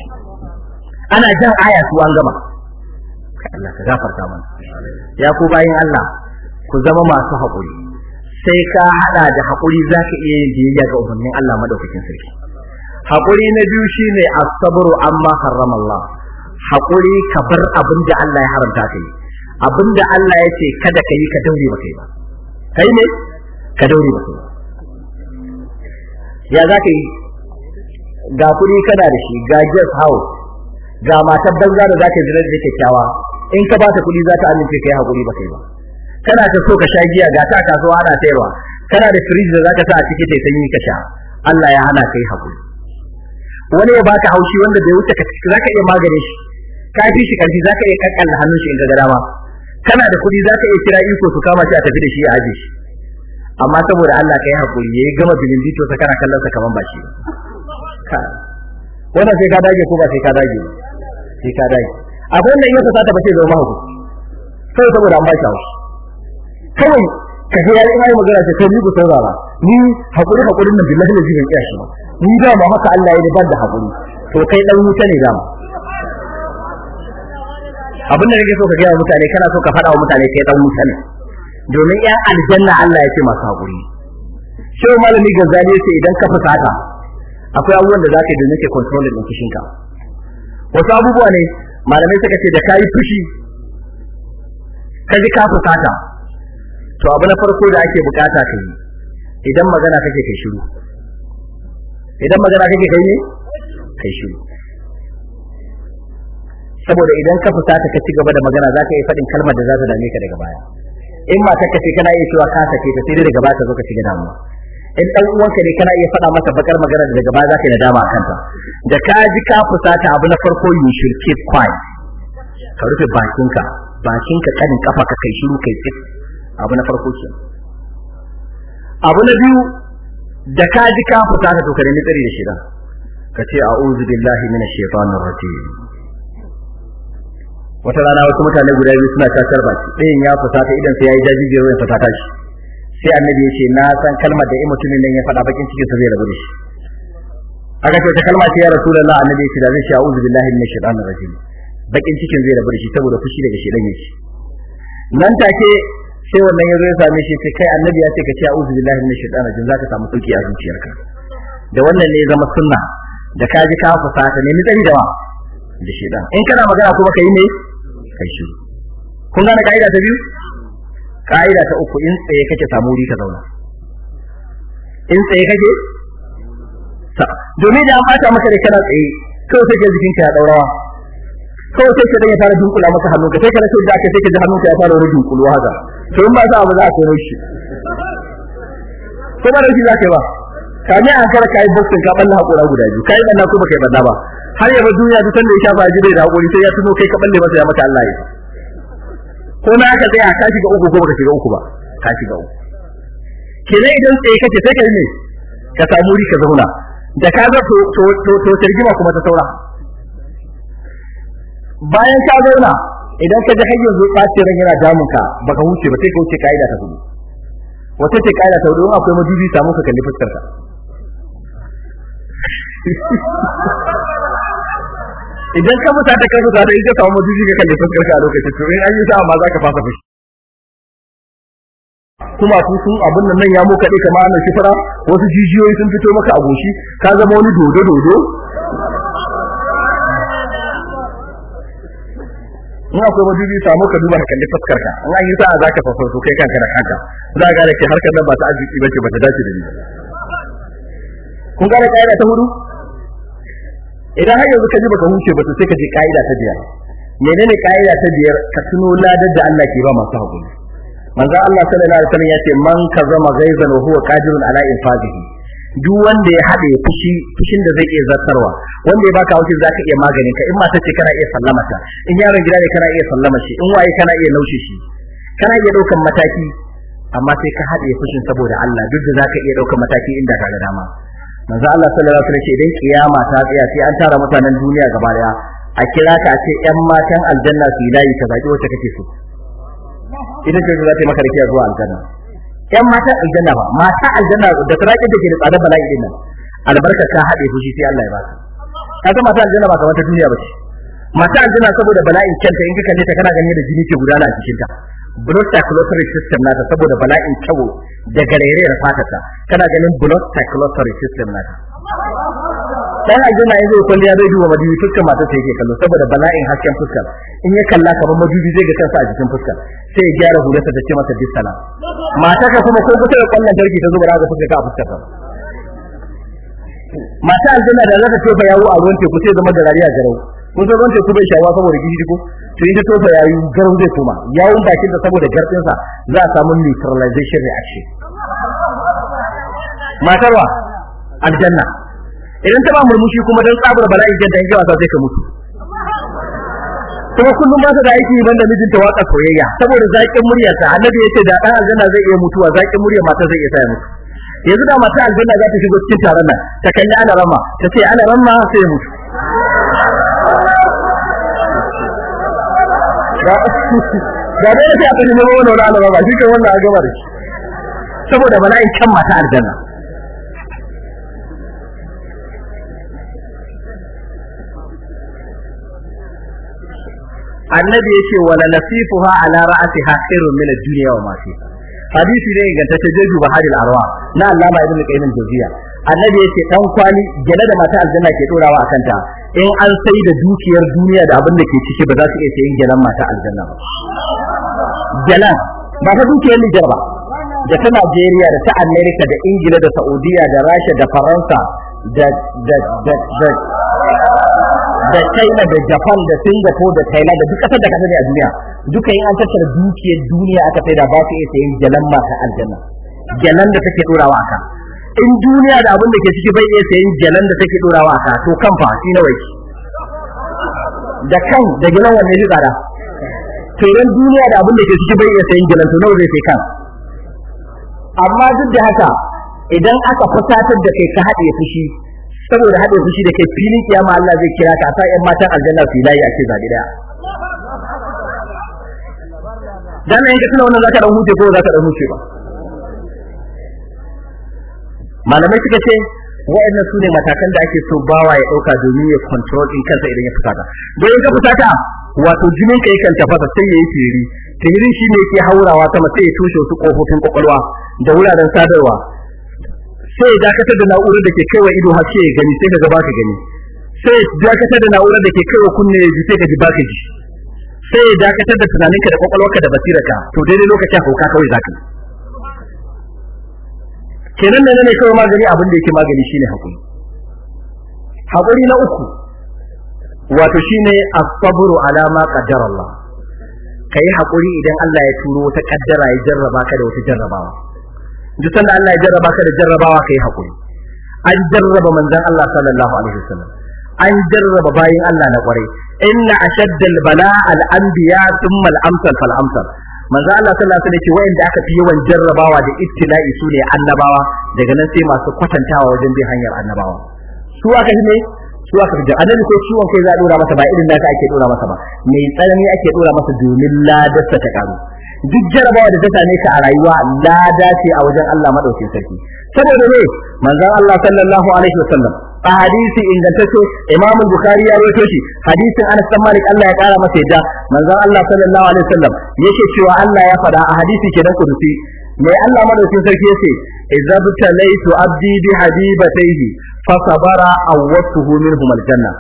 ana jan aya su an gama Allah ka gafarta mana ya ku bayin Allah ku zama masu haƙuri sai ka haɗa da haƙuri za ka iya yin biyayya ga umarnin Allah madaukakin sarki haƙuri na biyu shi ne sabru amma harrama Allah haƙuri ka bar abin da Allah ya haramta ka yi abin da Allah ya ce kada ka yi ka daure ba kai ba kai ne ka daure ba kai ba. ya za ka yi ga kuɗi kana da shi ga guest house ga matar banza da za ka zira da kyakkyawa in ka ba ta kuɗi za ta amince ka yi haƙuri ba kai ba kana ta so ka sha giya ga ta kasuwa ana taiwa kana da fridge da zaka sa a ciki sai sanyi ka sha Allah ya hana kai hakuri wani ya baka haushi wanda bai wuce ka zaka iya magane shi ka fi shi kanti zaka iya kakkal hannun shi in garama kana da kuɗi zaka iya kira iko su kama shi a tafi da shi a aje shi amma saboda Allah kai hakuri yayi gama bilin dito sa kana kallon sa kaman ba shi wannan sai ka dage ko ba sai ka dage sai ka dage abin da yake sata ba sai zama hukunci sai saboda an ba shi haushi kawai ka ga yayi mai magana ce kai ni ku ba, ni hakuri hakurin nan billahi lazi ban kiyashi ba ni da ma haka Allah ya ban da hakuri to kai dan wuta ne dama abin da nake so ka ga mutane kana so ka fada wa mutane kai dan wuta ne domin ya aljanna Allah ya ce masu hakuri shi malami gazali yace idan ka fasata akwai abubuwan da zaka yi domin ke control din kishinka wasu abubuwa ne malamai suka ce da kai fushi ka ji ka fasata to abu na farko da ake bukata ka yi idan magana kake kai shiru idan magana kake kai ne kai shiru saboda idan ka fusata ka ci gaba da magana za ka yi faɗin kalmar da za ta dame ka daga baya in matar ka ce kana iya cewa ka sake ta sai dai daga baya ka zo ka shiga damuwa in dan uwanka ne kana iya faɗa masa bakar magana da daga baya za ka yi nadama a kanta da ka ji ka fusata abu na farko you shirki kwai, ka rufe bakinka bakinka kanin kafa ka kai shiru kai tsit abu na farko ke abu na biyu da ka ji ka fita ka tokare ni tsari da shi ka ce a'udhu billahi minash shaitanir rajim wata rana wasu mutane guda biyu suna tashar shi ɗayan ya fita ta idan sai yi jajijiyar ruwan fita ta shi sai annabi ya ce na san kalmar da mutumin nan ya faɗa bakin cikin sa zai rabu da shi aka ce ta kalma ce ya rasulullah annabi ya ce da zai ce a'udhu billahi minash shaitanir rajim bakin cikin zai rabu da shi saboda fushi daga shedan yake nan take sai wannan zo ya same shi sai kai annabi ya ce ka ce a'udhu billahi minash shaitani rajim zaka samu sauki a zuciyarka da wannan ne ya zama sunna da ka ji ka fasa ne ni tsari da wa da shaitan in kana magana kuma kai ne kai shi kun gane kaida ta biyu kaida ta uku in tsaye kake samu wuri ka zauna in tsaye kake domin da an ta maka da kana tsaye kawai sai ka jikin ya daurawa kawai sai ka ya fara dunkula masa hannu ka sai ka rasa da aka sai ka ji ka ya fara wani dunkulu haka to in ba sa abu za a kai shi ko ba da shi za ka yi ba ka ne an kara kai boxing ka balla hakura guda biyu kai balla ko baka yi balla ba har yaba duniya duk sanda ya shafa ji bai da hakuri sai ya tuno kai ka balle masa ya maka Allah ya ko na aka tsaya ka shiga uku ko baka shiga uku ba ka shiga uku kire idan sai kake sai kai ne ka samu ri ka zauna da ka ga to to to tarjima kuma ta saura bayan ka zauna idan ka ji har yanzu ɓacin ran yana damun ka baka huce ba sai ka wuce ka'ida ta hudu wata ce ka'ida ta hudu in akwai madubi samu ka kalli fuskar ka idan ka mutu ta karfi ta ita samun samu madubi ka kalli fuskar ka a lokacin to in an yi sa'a ma za ka fasa fushi kuma su sun nan ya muka dai kamar annan shifara wasu jijiyoyi sun fito maka a goshi ka zama wani dodo dodo in akwai madubi samu ka duba da kalli fuskar ka in an yi sa'a zaka fafarto kai kanka da kanka za ga ke harkar nan ba ta arziki bace ba ta dace da ni kun gane kaida ta hudu idan har yanzu ka ji baka huce ba to sai ka ji kaida ta biyar menene kaida ta biyar ka tuno ladar da Allah ke ba masu hakuri manzo Allah sallallahu alaihi wasallam ya ce man kazama ghaizan wa huwa qadirun ala infazihi duk wanda ya haɗe fushi fushin da zai iya zartarwa wanda ya baka wuce zaka iya maganin ka in mata ce kana iya sallama ta in yaron gida ne kana iya sallama shi in waye kana iya laushe shi kana iya ɗaukan mataki amma sai ka haɗe fushin saboda Allah duk da zaka iya ɗaukan mataki inda ka ga dama manzo Allah sallallahu alaihi wasallam ce idan kiyama ta tsaya sai an tara mutanen duniya gaba daya a kira ka a ce ƴan matan aljanna su yi layi ka zaki wacce kake so ita ce za ta yi maka rikiya zuwa aljanna yan mata aljanna ba mata aljanna da sarakin da ke da tsadar bala'i din nan albarka ta haɗe fushi sai Allah ya ba ka ga mata aljanna ba kamar ta duniya ba ce mata aljanna saboda bala'in kanta in ka kalle ta kana gani da jini ke gudana a cikin ta blood circulatory system nata saboda bala'in kyau da garerayar fatarta kana ganin blood circulatory system nata dan aljanna in zai kwalliya zai duba madubi fuskar mata sai yake kallo saboda bala'in hasken fuskar in ya kalla kamar madubi zai ga kansa a jikin fuskar sai ya gyara hularsa ta ce mata mata ka kuma ko kusa ya kwallon ta zuba ga fuskar ka a fuskar ta mata aljanna da za ta tofa yawo a ruwan teku sai zama da rariya garau kun san ruwan teku bai shawa saboda gidi ko sai ta tofa yayi garau zai koma yawon bakin da saboda garbin sa za a samu neutralization reaction matarwa aljanna idan ta ba murmushi kuma dan tsabar bala'in da yawa wasa sai ka mutu kuma kullum ba ta da aiki ban da mijinta waka soyayya saboda zakin muryarta annabi yace da dan aljanna zai iya mutuwa zakin murya mata zai iya ya mutu yanzu da mata aljanna za ta shigo cikin taron nan ta kalli ana ramma ta ce ana ramma sai ya mutu ga dai sai aka nemi wannan ana ba shi kan wannan a gaba da shi saboda bala'in kan mata aljanna annabi yace wala nasifuha ala ra'siha khairun min ad-dunya wa ma fiha hadisi ne ga ta tajju bahari al-arwa na Allama ibn Qayyim al-Jawziyya annabi yace dan kwali gele da mata aljanna ke dorawa akan ta in an sai da dukiyar duniya da abin da ke ciki ba za su iya sayin gelan mata aljanna ba gelan ba ta dukiyar Niger ba da ta Najeriya da ta Amerika da Ingila da Saudiya da Rasha da Faransa da da da da China da Japan da Singapore da Thailand da duk kasar da kasar a duniya duka yin an tattara dukiyar duniya aka sai da ba su iya sayan jalan masu aljanna jalan da take dorawa aka in duniya da abin da ke ciki bai iya sayan jalan da take dorawa aka to kan fa shi na wai. da kan da jalan wanne zai tsada to ran duniya da abin da ke ciki bai iya sayan jalan to nawa zai sai kan amma duk da haka idan aka fusatar da kai ka haɗe fushi saboda haɗin fushi da kai filin kiyama Allah zai kira ka sa ƴan matan aljanna su layi a ce zabi daya dan in suna tuna wannan ka dan huce ko ka dan huce ba malamai suka ce wa'annan su ne matakan da ake so bawa ya ɗauka domin ya control in kansa idan ya fusata da yin ka fusata wato jinin ka yakan tafasa sai ya yi tiri tirin shi ne yake haurawa sama sai ya toshe wasu ƙofofin ƙwaƙwalwa da wuraren sadarwa sai ya dakatar da na'urar da ke kaiwa ido har haske ya gani sai ka ga baka gani sai ya dakatar da na'urar da ke kaiwa kunne ya ji sai ka ji baka ji sai ya dakatar da tunaninka da kwakwalwarka da basirarka to daidai lokacin hauka kawai zaka yi kenan ne ne kawai magani abin da yake magani shine hakuri hakuri na uku wato shine as-sabru ala ma qaddara Allah kai hakuri idan Allah ya turo wata kaddara ya jarraba ka da wata jarrabawa duk sanda Allah ya jarraba ka da jarrabawa kai hakuri an jarraba manzon Allah sallallahu alaihi wasallam an jarraba bayin Allah na kwarai inna ashaddal bala al anbiya thumma al amsal fal amsal Allah sallallahu alaihi wasallam ce wayanda aka fi yawan jarrabawa da ibtila'i su ne annabawa daga nan sai masu kwatantawa wajen bi hanyar annabawa su aka fi ne su aka fi annabi ko ciwon kai za a dora masa ba irin da ake dora masa ba mai tsanani ake dora masa domin ladarsa ta karu duk jarabawa da ta same ka a rayuwa lada dace a wajen Allah madaukakin sarki saboda ne manzon Allah sallallahu alaihi wasallam a hadisi ingantacce Imam Bukhari ya rawaito shi hadisin Anas bin Malik Allah ya kara masa yadda manzon Allah sallallahu alaihi wasallam yake cewa Allah ya faɗa a hadisi kenan kudusi mai Allah madaukakin sarki yace izabtalaitu abdi bi habibatayhi fa sabara awwatuhu minhum aljanna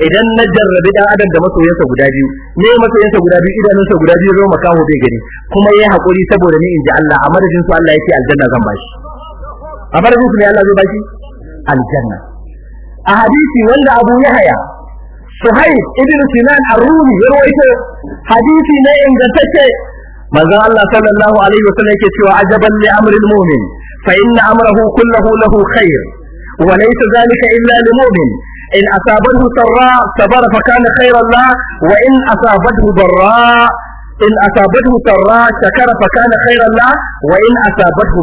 idan na jarrabi dan adam da masoyansa guda biyu ne masoyansa guda biyu idanunsa guda biyu zo makaho bai gani kuma yayi hakuri saboda ni inji Allah a madadin su Allah yake aljanna zan bashi a madadin su ne Allah zai bashi aljanna a hadisi wanda Abu Yahya Suhaib ibn Sinan Ar-Rumi ya rawaito hadisi ne ingantacce manzon Allah sallallahu alaihi wasallam yake cewa ajaban li amril mu'min fa inna amrahu kulluhu lahu khair wa laysa dhalika illa lil mu'min in asabatu sarra sabara fa kana khairan la wa in asabatu darra in asabatu sarra shakara fa kana khairan la wa in asabatu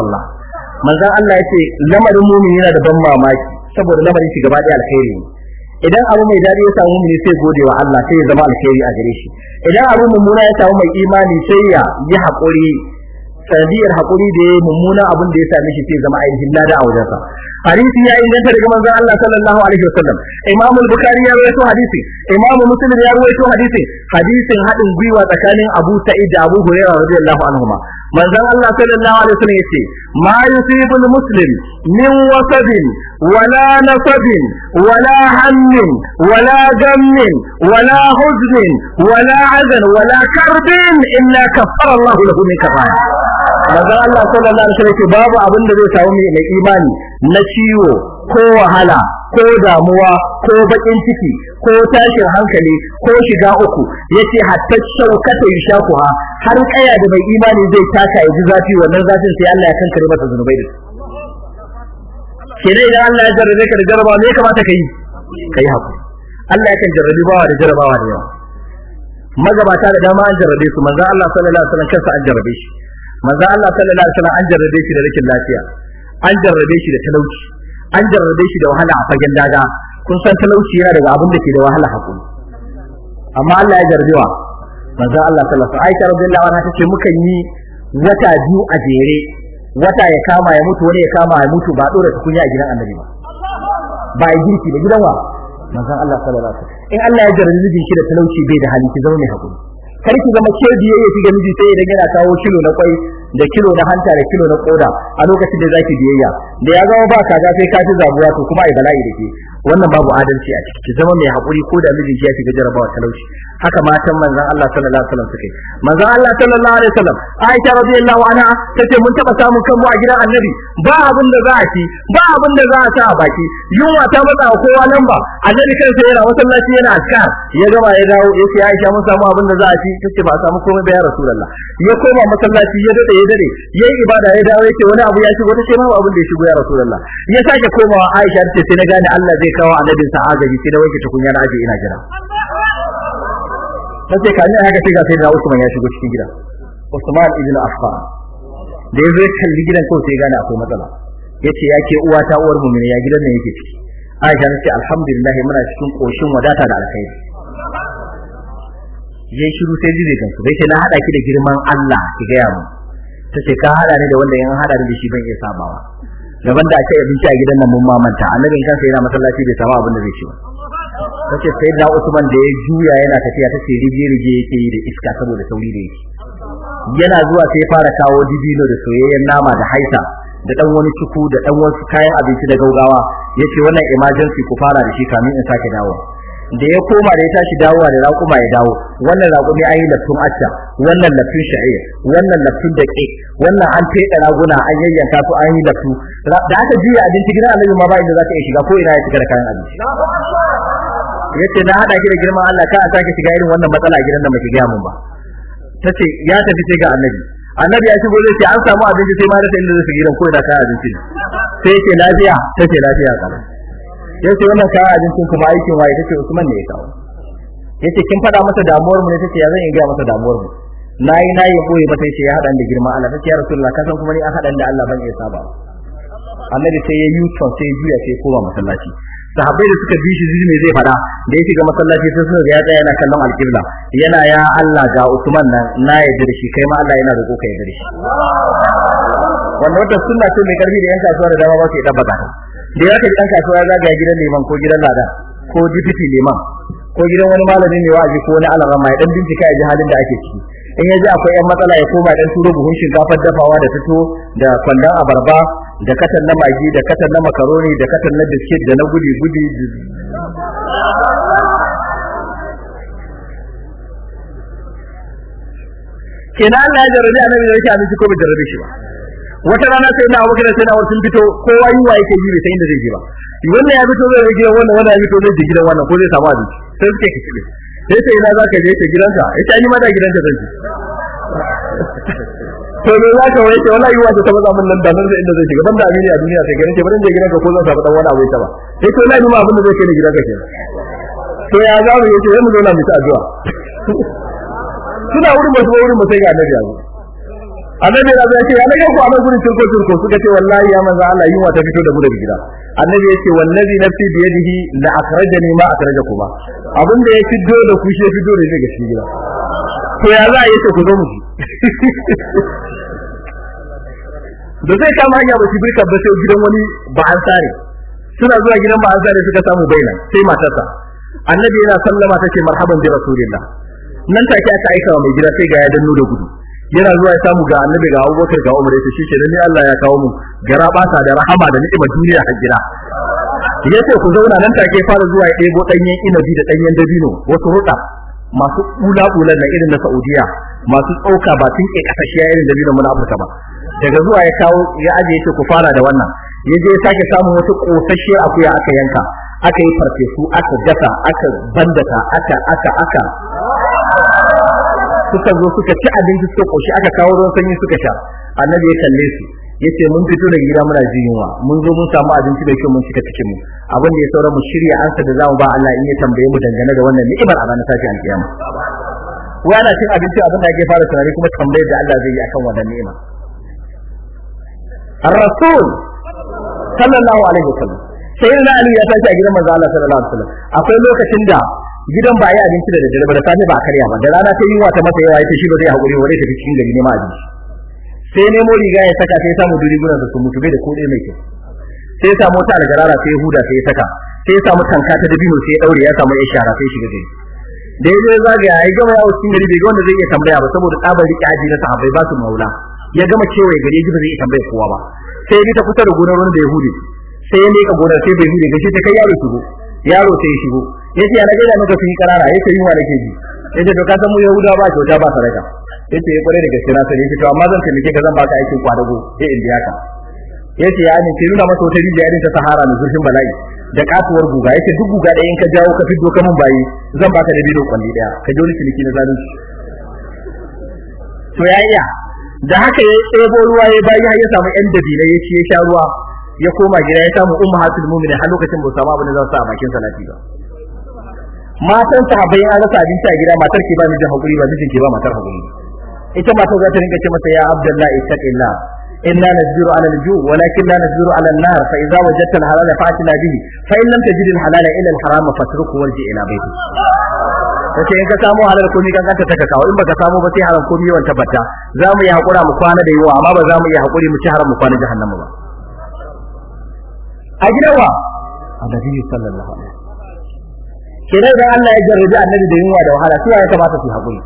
Allah yace lamarin mumin yana da ban mamaki saboda lamarin shi gaba daya alkhairi idan abu mai daɗi ya samu mumin sai gode wa Allah sai ya zama alheri a gare shi idan abu mummuna ya samu mai imani sai ya yi hakuri sanadiyar hakuri da yayi mummuna abin da ya same shi sai zama ainihin lada a wajensa hadisi ya inganta daga manzon Allah sallallahu alaihi wasallam imam al-bukhari ya rawaito hadisi imam muslim ya rawaito hadisi hadisin hadin gwiwa tsakanin abu sa'id da abu hurairah radiyallahu anhuma manzon Allah sallallahu alaihi wasallam yace ma yusibul muslim min wasabin wala nasabin wala hammin wala gammin wala huznin wala azan wala karbin illa kaffara Allah lahu min kafara manzon Allah sallallahu alaihi wasallam yace babu abin da zai samu mai imani na ciwo ko wahala ko damuwa ko bakin ciki ko tashin hankali ko shiga uku yace hatta shaukata yushakuha har kaya da bai imani zai taka yaji zafi wannan zafin sai Allah ya kankare masa zunubai da kenan idan Allah ya jarrabe ka da jarraba me kamata kai kai hakuri Allah yakan jarrabi bawa da jarrabawa ne yawa magabata da dama an jarrabe su manzo Allah sallallahu alaihi wasallam kansa an jarrabe shi manzo Allah sallallahu alaihi wasallam an jarrabe shi da rikin lafiya an jarrabe shi da talauci an jarrabe shi da wahala a fagen daga kun san talauci yana daga abin da ke da wahala haƙu amma Allah ya jarbewa manzon Allah sallallahu alaihi wasallam Aisha radhiyallahu anha tace mukan yi wata biyu a jere wata ya kama ya mutu wani ya kama ya mutu ba dora tukunya a gidan annabi ba ba ya girki da gidan wa manzon Allah sallallahu alaihi wasallam in Allah ya jarrabe mijin shi da talauci bai da hali ki zama mai hakuri kar ki zama ke biye ya fi ga miji sai idan yana kawo kilo na kwai da kilo na hanta da kilo na koda a lokacin da zaki biyayya da ya zama ba kaga sai ka ci zabuwa to kuma ai bala'i dake wannan babu adalci a ciki ki zama mai hakuri ko da miji ya shiga jarabawa talauci haka matan manzon Allah sallallahu alaihi wasallam suke manzon Allah sallallahu alaihi wasallam Aisha radiyallahu anha tace mun taba samun kanmu a gidan Annabi ba abin da za a ci ba abin da za a sa a baki yunwa ta matsa kowa nan ba Annabi kansa yana masallaci yana askar ya gaba ya dawo yace Aisha mun samu abin da za a ci tace ba samu komai ba ya Rasulullah ya koma masallaci ya dade ya dade yayi ibada ya dawo yace wani abu ya shigo tace ma abin da ya shigo ya Rasulullah ya sake komawa Aisha tace sai na gane Allah zai ya kawo annabin sa agaji sai da wanke tukunya na aje ina jira sai ka ne haka sai ga sai da Usman ya shigo cikin gida Usman ibn Affan da kalli gidan ko sai gane akwai matsala yace yake uwa ta uwar mu ne ya gidan nan yake ciki Aisha ta ce alhamdulillah muna cikin koshin wadata da alkhairi ya shiru sai jize kan su ce na hada ki da girman Allah ki ga mu tace ka hada ne da wanda yan hada da shi ban iya sabawa daban da ake abinci a gidan nan mun mamanta annabin kansa yana masallaci bai samu abin da zai ci ba kace sai da Usman da ya juya yana tafiya ta sai rige rige yake yi da iska saboda sauri da yake yana zuwa sai fara kawo dibino da soyayyen nama da haisa da dan wani cuku da dan wasu kayan abinci da gaugawa yace wannan emergency ku fara da shi kamin in sake dawo da ya koma da ya tashi dawowa da raƙuma ya dawo wannan raƙumi an yi lafin acca wannan lafin sha'i wannan lafin dake, wannan an feɗa raguna an yayyanka su an yi lafu da aka juya abinci gidan annabi ma ba inda za ka iya shiga ko ina ya shiga da kayan abinci yace na hada ki da girman Allah ka a sake shiga irin wannan matsala a gidan da muke gaya mun ba tace ya tafi sai ga annabi annabi ya shigo zai ce an samu abinci sai ma sai inda zai shiga gidan ko ina kayan abinci sai yake lafiya tace lafiya kana yace wannan kayan abincin kuma aikin waye tace Usman ne ya kawo yace kin faɗa masa damuwar mu ne tace ya zan iya ga masa damuwar mu nayi nayi boye ba sai ya hadan da girma Allah tace ya Rasulullah kasan kuma ni a hadan da Allah ban iya saba annabi sai ya yi tun sai juya sai koma masallaci sahabbai da suka bi shi zai zai fada da yake ga masallaci sai suka ga ya tsaya yana kallon alƙibla yana ya Allah ga Usman nan na ya da kai ma Allah yana roƙo kai dirshi wannan wata sunna ce mai karfi da yanka kasuwa da dama ba su yi dabbata da ya kai ɗan kasuwa za ga gidan liman ko gidan lada ko dipiti liman ko gidan wani malami mai wa'azi ko wani alarama ya dan bincika ya ji halin da ake ciki in ya ji akwai yan matsala ya koma dan turo buhun shinkafar dafawa da fito da kwandon abarba da katan na magi da katan na makaroni da katan na biskit da na gudi gudi kenan Allah ya jarabi annabi da rashin abinci ko bai jarabi shi ba wata rana sai na abokan sai na wasu fito kowa wa yake yi bai san inda zai je ba wannan ya fito zai rage wannan wannan ya fito zai je gidan wannan ko zai samu abinci sai suke kici ne sai sai ina zaka je ta gidansa ita ni ma da gidansa zan je to ne za ka wace wallahi yiwa ta maza mun nan da nan inda zai shiga banda amini a duniya sai gani ce bari je gidanka ko zan samu dan wani abu ita ba sai to lai ma abin da zai kai gidanka kenan to ya za mu yace sai mu na mu ta zuwa? suna wurin ba su wurin ba sai ga annabi ya zo annabi rabi ya ce ya nake ku a nan gurin cirko cirko suka ce wallahi ya manzo Allah yunwa ta fito da mu daga gida annabi ya ce wallazi nafsi bi yadihi la akhrajani ma akhrajakuma abinda ya fito da ku shi ya fito da daga gida to ya za a yi ku zo mu da zai kama hanya ba shi birka ba sai gidan wani ba an sare suna zuwa gidan ba an sare suka samu baina, sai matarsa annabi yana sallama tace marhaban bi rasulillah nan take aka aika wa mai gida sai ga ya danno da gudu yana zuwa ya samu ga annabi ga abubakar ga umar yace shikenan ni Allah ya kawo mu gara bata da rahama da ni'imar duniya a gida yace ku zauna nan take fara zuwa ya ɗebo danyen inabi da ɗanyen dabino wasu ruda masu kula kulan na irin na Saudiya masu tsauka ba tun ke kasashiya irin dabino mun Afirka ba daga zuwa ya kawo ya aje yace ku fara da wannan Ya je ya sake samun wata kosasshiyar akuya aka yanka aka yi farfesu aka gasa aka bandata aka aka aka suka zo suka ci abinci suka koshi aka kawo ruwan sanyi suka sha annabi ya kalle su yace mun fito da gida muna jin yunwa mun zo mun samu abinci da kyau mun cika cikin mu abin da ya saura mu shirya ansa da zamu ba Allah in ya tambaye mu dangane da wannan ni'imar a ranar tashin alkiyama wai ana cin abinci abin da ake fara tunani kuma tambayar da Allah zai yi akan wannan ni'ima ar-rasul sallallahu alaihi wasallam sai na Ali ya tashi a gidan manzo Allah sallallahu alaihi wasallam akwai lokacin da gidan ba ya abinci da daddare ba da safe ba a karya ba da rana ta yiwa ta masa yawa ya ce shi ba zai haƙuri ba zai tafi cikin gari neman abinci sai nemo riga ya saka sai samu guna da su mutu bai da kodai mai kyau sai samu wata algarara sai huda sai ya saka sai samu tanka ta dabino sai ya daure ya samu ishara sai shiga gari da zo ya zagaya ya gama yawo cikin gari bai ga wanda zai iya tambaya ba saboda tsabar riƙe aji na sahabbai ba su maula ya gama cewa gari ya ji ba zai iya tambaya kowa ba sai ya bi ta kusa da gonar wani da yahudi sai ya leƙa gonar sai bai hude gashi ta kai yaro shigo yaro sai ya shigo yace ya rage da maka sun karara yace yunwa ke ji yace to ka san mu yahuda ba kyauta ba saraka yace ya kware eh, da gaske na sai yace to amma zan taimake ka zan baka aikin kwadago sai in biya ka yace ya ni kiruna nuna masa wata da ta sahara ne zurfin bala'i da katuwar guga yace duk guga da in ka jawo ka fiddo ka mun bayi zan baka da bido kwalli daya ka joni ciniki na zalunci to yayya da haka ya tsebo ruwa ya bayi har ya samu yan dabila ya ci ya sha ruwa ya koma gida ya samu ummahatul mu'minin har lokacin ba samu abin da za su sa a bakin salati ba matan sahabbai an rasa abinci a gida matar ke ba mijin hakuri ba mijin ke ba matar hakuri ita matar za ta rinka ce masa ya abdullahi ittaqillah inna najuru ala al-ju' walakin la najuru ala an-nar fa idza wajadta al-halala fa'tina bihi fa in lam tajid al-halala ila al-haram fatruku warji ila baytik kace in ka samu halal komai kan kanta ta kawo in baka samu ba sai haram komai yawan tabbata za mu yi hakura mu kwana da yawa amma ba za mu yi hakuri mu ci haram mu kwana jahannama ba a gidanwa annabi sallallahu alaihi wasallam kenan da Allah ya jarrabi annabi da yunwa da wahala sai ya kamata su haƙuri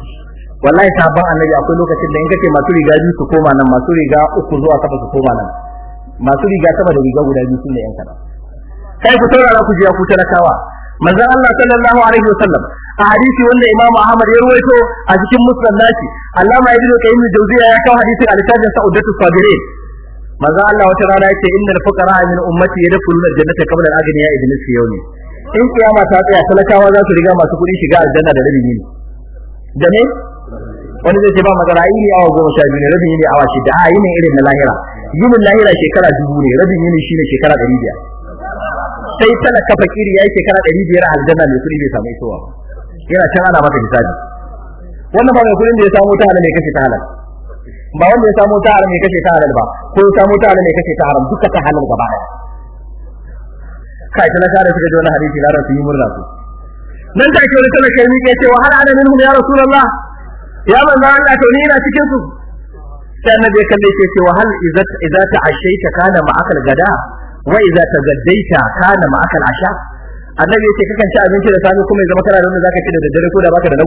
wallahi sabon annabi akwai lokacin da in kace masu riga biyu su koma nan masu riga uku zuwa sama su koma nan masu riga sama da riga guda biyu sune yan kana kai ku taurara ku jiya ku tarakawa manzon Allah sallallahu alaihi wasallam a hadisi wanda Imam Ahmad ya ruwaito a cikin musnad nashi Allama Ibn Qayyim Jawziya ya kawo hadisin al-Tajah Sa'udatu Sabirin manzo Allah wata rana yace innal fuqara min ummati yadkhuluna aljannata qabla al-aghniya ibn siyawmi in kiyama ta tsaya talakawa za su riga masu kuɗi shiga aljanna da rabin yini da ne wani zai ce ba magana yi ne awa goma sha biyu ne rabin yini awa shida ayi ne irin na lahira yinin lahira shekara dubu ne rabin yini shine shekara ɗari biyar sai talaka fakiri ya yi shekara ɗari biyar aljanna mai kuɗi bai samu isowa yana can ana mata hisabi wannan ba mai kuɗin da ya samu ta halal ne ta halal ba wanda ya samu ta haram ya kashe ta halal ba ko ya samu ta halal ya kashe ta haram duka ta halal gaba daya kai talaka da suka ji wani hadisi da su yi murna su nan da ke wani talaka ya miƙe cewa har ana minhum ya rasulullah ya manzo Allah to ni ina cikin su sai annabi ya kalle ke cewa hal idza idza ta'ashaita kana ma'akal gada wa idza tagaddaita kana ma'akal asha annabi ya ce kakan ci abinci da Sani kuma ya zama kana da wanda zaka ci da daddare ko da baka da na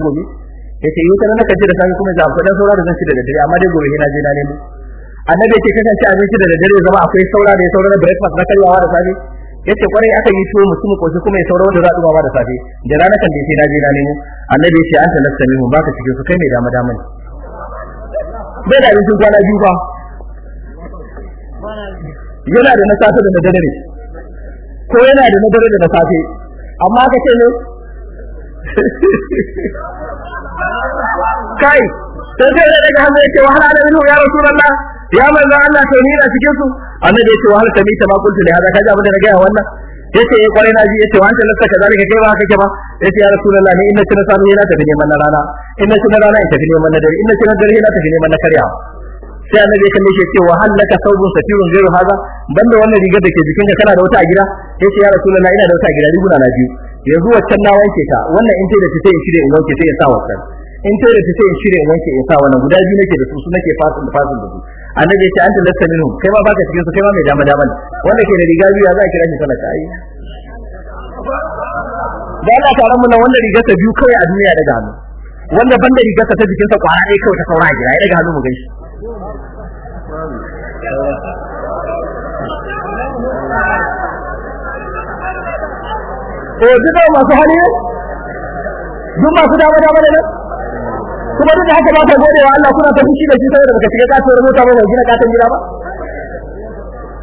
yace yi kana ka ce da safe kuma zan da saura da zan ci da dare amma dai gobe na je na nemo annabi yace kasance abinci da dare zama akwai saura da ya breakfast na breakfast na kallawa da safe yace kwarai aka yi musu mutum shi kuma ya saura wanda za a duba da safe da rana kan da sai na je na nemo annabi yace anta lasta ba baka cikin su kai mai dama dama ne bai da abincin kwana biyu ba yana da na safe da na dare ko yana da na dare da na safe amma aka ce ne kai sai sai da daga hannu yake wahala da minhu ya rasulullah ya manzo Allah sai ni da cikin su annabi ce wahala ta mita ma kuntu ne hada kaji abin da na ga wannan yace eh kwarai na ji yace wanda lasta ka zalika kai ba kake ba yace ya rasulullah ne inna kana sanu yana tafi neman rana inna kana rana in tafi neman dare inna kana dare yana tafi neman na karya sai annabi ya ne shi yace wa halaka saubun satirun gairu haza banda wannan rigar da ke ka kana da wata a gida yace ya rasulullah ina da wata a gida riguna na biyu yanzu waccan na wanke ta wannan in ce da ta sai in shirye in wanke sai in sa wannan in ta da sai in shirye wanke in sa wannan guda biyu nake da su su nake fasin da fasin da su annabi ya ce anta lasta minhum kai ma baka cikin su kai ma mai dama dama wanda ke da riga biyu za a kira shi talaka yi. da Allah ta ramu nan wanda rigar ta biyu kawai a duniya daga hannu wanda banda rigar ta ta sa kwara ɗaya kawai ta saura a gida ya daga hannu mu gaishe eh, ko duka masu hali duk masu dama dama ne nan kuma duk da haka ba ta gode wa Allah kuna ta fushi da shi saboda baka shiga kasuwar mota ba bai gina katon gida ba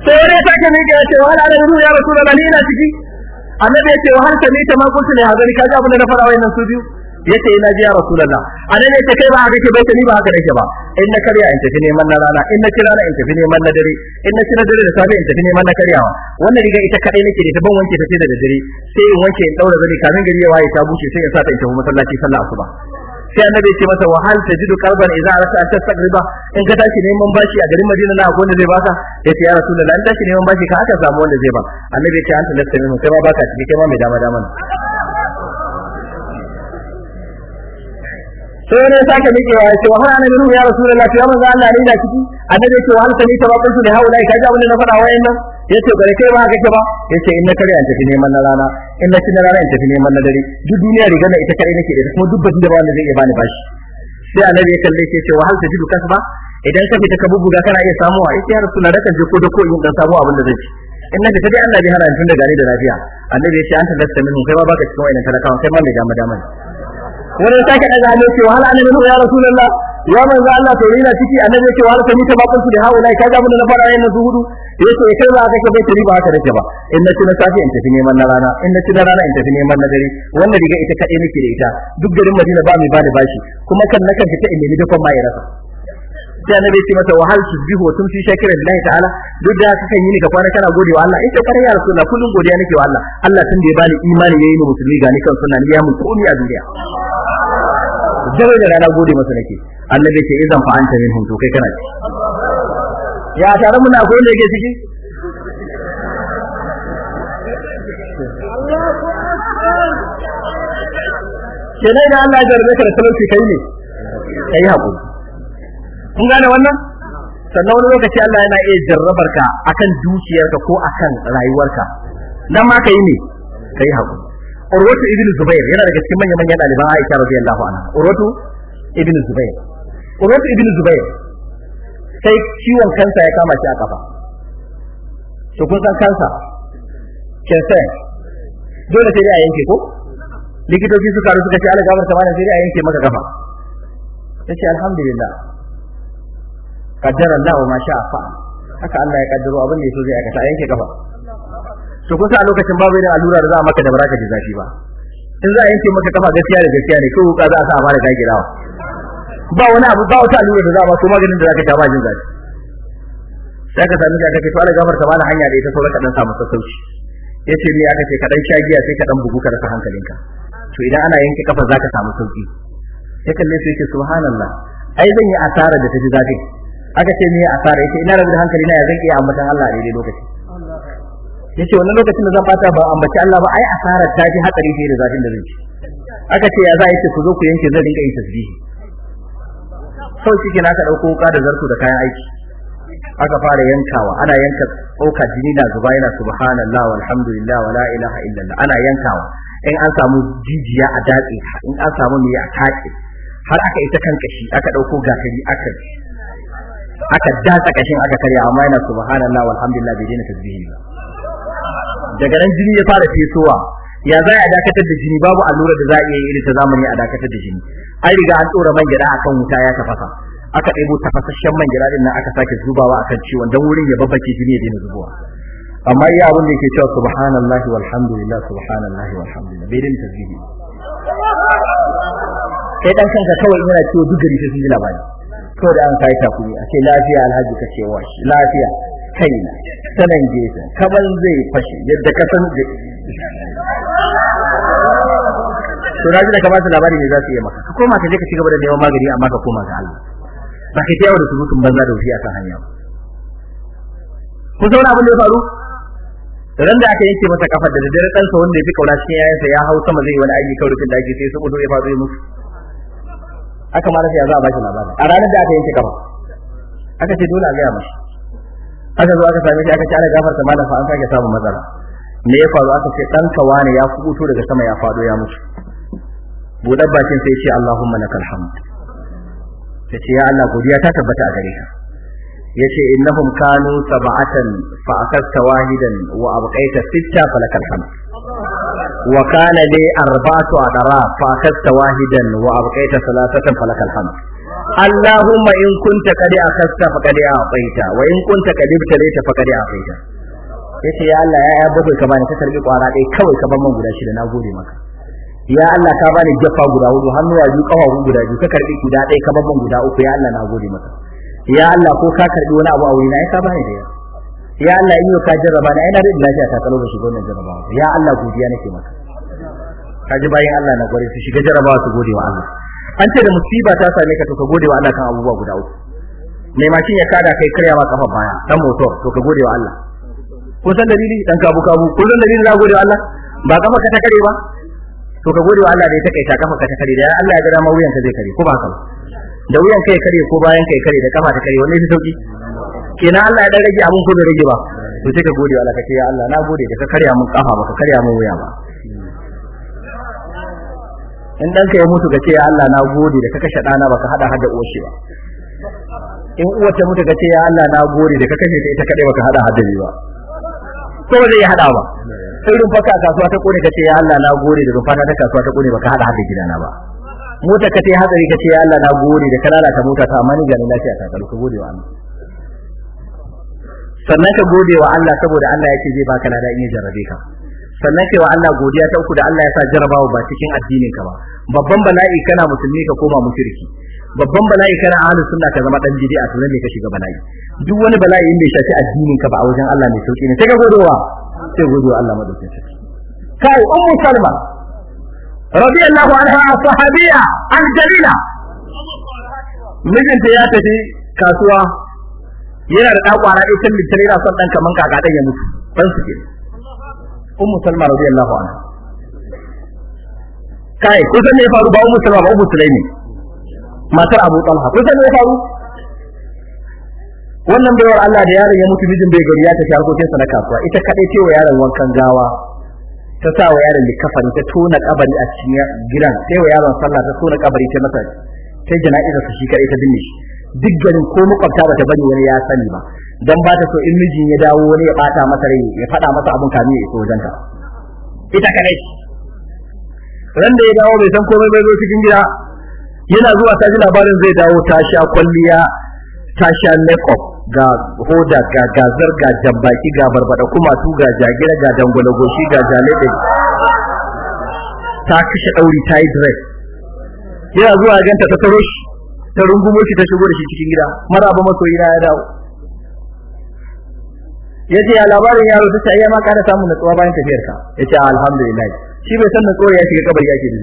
sai wani ya sake miƙe ya ce wa ala da ya rasulullahi na ciki annabi ya ce wa har sami ta man kuntu ne hazari ka ga abin da na fara wayannan su biyu yace ina ji ya rasulullah annabi ce kai ba haka ba bai ni ba haka kake ba in na karya in tafi neman na rana in na ci rana in tafi neman na dare in na ci dare da safe in tafi neman na karyawa wannan riga ita kadai nake da ta ban wanke ta sai da dare sai in wanke in daura zani kamin gari ya waye ta bushe sai ya sa ta in tafi masallaci sallah asuba sai annabi ya ce masa wa hal tajidu qalban idza arata an tastaqriba in ka tashi neman bashi a garin Madina na akwai wanda zai baka yace ya rasulullahi in tashi neman bashi ka aka samu wanda zai ba annabi ya ce anta lasta minhu kai ma baka ciki kai ma mai dama dama sai wani ya sake wa ya ce wahala hana na minhu ya rasulullahi ya manzo Allah ne da ciki annabi ya ce wa hal ta ni su da haula kai ga abin da na faɗa wayannan yace bare kai ba haka ke ba yace in na kare an tafi neman na rana in na cin rana in tafi neman na dare duk duniya riga na ita kare nake da kuma duk bashi da ba wanda zai iya bani bashi sai annabi ya kalle shi ce wa hal tajidu kasba idan ka fita ka bubuga kana iya samuwa ce ya rasulullah da kan je ko da ko in dan samu abin da zai ci in na fita dai Allah ya hana tun da gani da lafiya annabi ce an tadasta min kai ba baka cikin wayannan talakawa kai ma mai dama dama wani sake daga hannu cewa hal annabi ya rasulullah ya manzo Allah to rina ciki annabi ce wa hal kamita ba kuntu da ka ga mun na fara yin zuhudu yace kai ba kake bai tari ba haka nake ba in na ci na safi in tafi neman na rana in na ci na rana in tafi neman na dare wannan riga ita kadai nake da ita duk garin Madina ba mai bada bashi kuma kan nakan fita in nemi dakon mai rasa sai annabi ya ce masa su hal tun wa tumsi shakiran lillahi ta'ala duk da kake yi ne ka kwana kana godewa Allah in kai ya Allah kullun godiya nake wa Allah Allah tun da ya bani imani yayi ni musulmi ga ni kan sunna ni ya mun komai a duniya dare da rana gode masa nake annabi ya ce idan fa anta minhum to kai kana ya tare muna akwai ne ke ciki kenan da Allah ya jarbe talauci kai ne kai hakuri kun gane wannan sannan wani lokaci Allah yana iya jarrabar ka akan dukiyarka ko akan rayuwarka dan ma kai ne kai hakuri Urwatu ibnu Zubair yana daga cikin manyan manyan ɗaliban Aisha radiyallahu anha Urwatu ibnu Zubair Urwatu ibnu Zubair sai ciwon kansa ya kama shi a kafa to kun san kansa sai dole sai dai a yanke ko likitoci suka rufe suka ce Allah gabar ta sai dai a yanke maka kafa ce alhamdulillah qaddara Allah ma sha fa haka Allah ya kaddaro abin da yaso zai aikata yanke kafa to kun san a lokacin babu irin allura da za a maka da baraka da zafi ba in za a yanke maka kafa gaskiya da gaskiya ne ko ka za a sa a fara gagirawa ba wani abu ba wata allura da za a ba ko maganin da zaka sha ba jin zafi sai ka sami ka ce to Allah gafarta mana hanya da ita so ka dan samu sassauci yace ni aka ce ka dan sha giya sai ka dan bugu ka rasa hankalinka to idan ana yanke kafa zaka samu sauki ya kalle sai yace subhanallah ai zan yi asara da tafi zafi aka ce me asara yace ina rabu da hankali na ya zan iya ambatan Allah a daidai lokaci yace wannan lokacin da zan fata ba ambaci Allah ba ai asara ta ji hatsari fiye da zafin da zai ci aka ce ya za yace ku zo ku yanke zan rinka yin tasbihi kawai shi na ka ɗauko wuka da zarto da kayan aiki aka fara yankawa ana yanka ɗauka jini na zuba yana subhanallah walhamdulillah wala ilaha illallah ana yankawa in an samu jijiya a datse in an samu ne a take. har aka ita kan kashi aka ɗauko gatari aka aka datsa kashin aka karya amma yana subhanallah walhamdulillah bai daina tasbihi ba daga nan jini ya fara fesowa ya za a dakatar da jini babu allura da za a iya irin ta zamani a dakatar da jini an riga an tsora man gida akan wuta ya tafasa aka ɗebo tafasasshen man gida din nan aka sake zubawa akan ciwon dan wurin ya babbake jini ya daina zubowa amma iya abin da yake cewa subhanallahi walhamdulillah subhanallahi walhamdulillah bai din tasbihi Kai dan kanka kawai yana ciwo duk gari sai sun ji labari kawai da an kai takuri a ce lafiya alhaji kace wa lafiya kaina sanan gefe kaban zai fashe yadda ka san to na ji da ka ba su labari ne za su yi maka ka koma ka je ka cigaba da neman magani amma ka koma ga Allah ba ka tayawa da surutun banza da a akan hanya ba kun zauna abin da ya faru ran da aka yanke masa kafar da dare kansa wanda ya fi kauna cikin yayansa ya hau sama zai wani aiki kawai rufin daji sai su, saboda ya faru ya mutu aka mara sai ya za a baki labari a ranar da aka yanke kafa aka ce dole a gaya masa aka zo aka same shi aka ce gafarta malam fa an sake samun matsala me ya faru aka ce dan kawane ya kubuto daga sama ya faɗo ya mutu buɗar bakin sai ce Allahumma lakal hamd ce ya Allah godiya ta tabbata a gare ka yace innahum kanu sab'atan fa akasta wahidan wa abqaita sitta falakal hamd wa kana li arba'atu adara fa akasta wahidan wa abqaita salasatan falakal hamd Allahumma in kunta qad akasta faqad a'taita wa in kunta qad fa faqad a'taita yace ya Allah ya ya babai ka bani ka karbi kwara dai kawai ka ban man guda shida nagode maka ya Allah ka bani jaffa guda hudu hannuwa biyu kafa guda biyu ka karbi guda ɗaya ka babban guda uku ya Allah na gode maka ya Allah ko ka karbi wani abu a wurina ya ka bani da yawa ya Allah in yau ka jarraba na ina da lafiya ta kalo da shi wannan jarraba ya Allah godiya nake maka ka ji bayan Allah na gore su shiga jarrabawa su gode wa Allah an ce da musiba ta same ka to ka gode wa Allah kan abubuwa guda uku mai mashin ya kada kai karyawa kafa baya dan motor to ka gode wa Allah kun san dalili dan kabu kabu kun san dalili da gode wa Allah ba kafa ka ta kare ba to ka gode wa Allah da ya ta kafa ka ta kare da Allah ya jira ma wuyan ka zai kare ko ba ka da wuyan kai kare ko bayan kai kare da kafa ta kare wanne shi sauki kenan Allah ya dan rage abun ko bai rage ba to sai ka gode wa Allah kace ya Allah na gode da ka karya mun kafa ba ka karya mun wuya ba in dan ka ya mutu kace ya Allah na gode da ka kashe dana ba ka hada hada uwar ba in uwace mutu mutu kace ya Allah na gode da ka kashe ta ita kadai ba ka hada hada ba ko ba zai hada ba sai rumfa ka kasuwa ta kone kace ya Allah na gode da rufa ta kasuwa ta kone baka hada hada gidana ba mota kace hatsari kace ya Allah na gode da kalala ta mota ta amma ni ga lafiya ta kalu ka gode wa Allah sannan ka gode wa Allah saboda Allah yake zai baka lada in ya jarrabe ka sannan kai wa Allah godiya ta uku da Allah ya sa jarabawa ba cikin addinin ka ba babban bala'i kana musulmi ka koma mushriki babban bala'i kana ahli sunna ka zama dan a tunan ne ka shiga bala'i duk wani bala'i inda ya shafi addinin ka ba a wajen Allah ne sauki ne sai ka godewa sai gode wa Allah madaukakin sarki kai ummu salma radiyallahu anha sahabiya aljalila mijinta ya tafi kasuwa yana da dakwara ɗaya kan litre yana son ɗan kaman kaga ɗan ya mutu dan su ke ummu salma radiyallahu anha kai sai ne ya faru ba ummu salma ba ummu sulaimi matar abu talha sai ne ya faru wannan bayar Allah da yaron ya mutu mijin bai gari ya tafi harkokin sa na kasuwa ita kadai ce wa yaron wankan gawa ta sa wa yaron likafani ta tona kabari a cikin gidan sai wa yaron sallah ta tona kabari ta masa sai jana'iza su shi kadai ta binne shi duk garin ko makwabta ba ta bari wani ya sani ba dan ba ta so in mijin ya dawo wani ya bata masa rai ya fada masa abun kami ya iso wajen ita kadai ran da ya dawo bai san komai bai zo cikin gida yana zuwa ta ji labarin zai dawo ta sha kwalliya ta sha makeup ga hoda ga gazar ga jambaki ga barbada kuma tu ga jagira ga dangwala goshi ga jalebe ta kashe dauri ta yi dire yana zuwa ganta ta taro shi ta rungumo shi ta shigo da shi cikin gida ba masoyi na ya dawo Ya ce ya labarin yaro ta sai ya ma kada samun nutsuwa bayan tafiyar ka ce alhamdulillah shi bai san nutsuwa ya shiga kabari yake da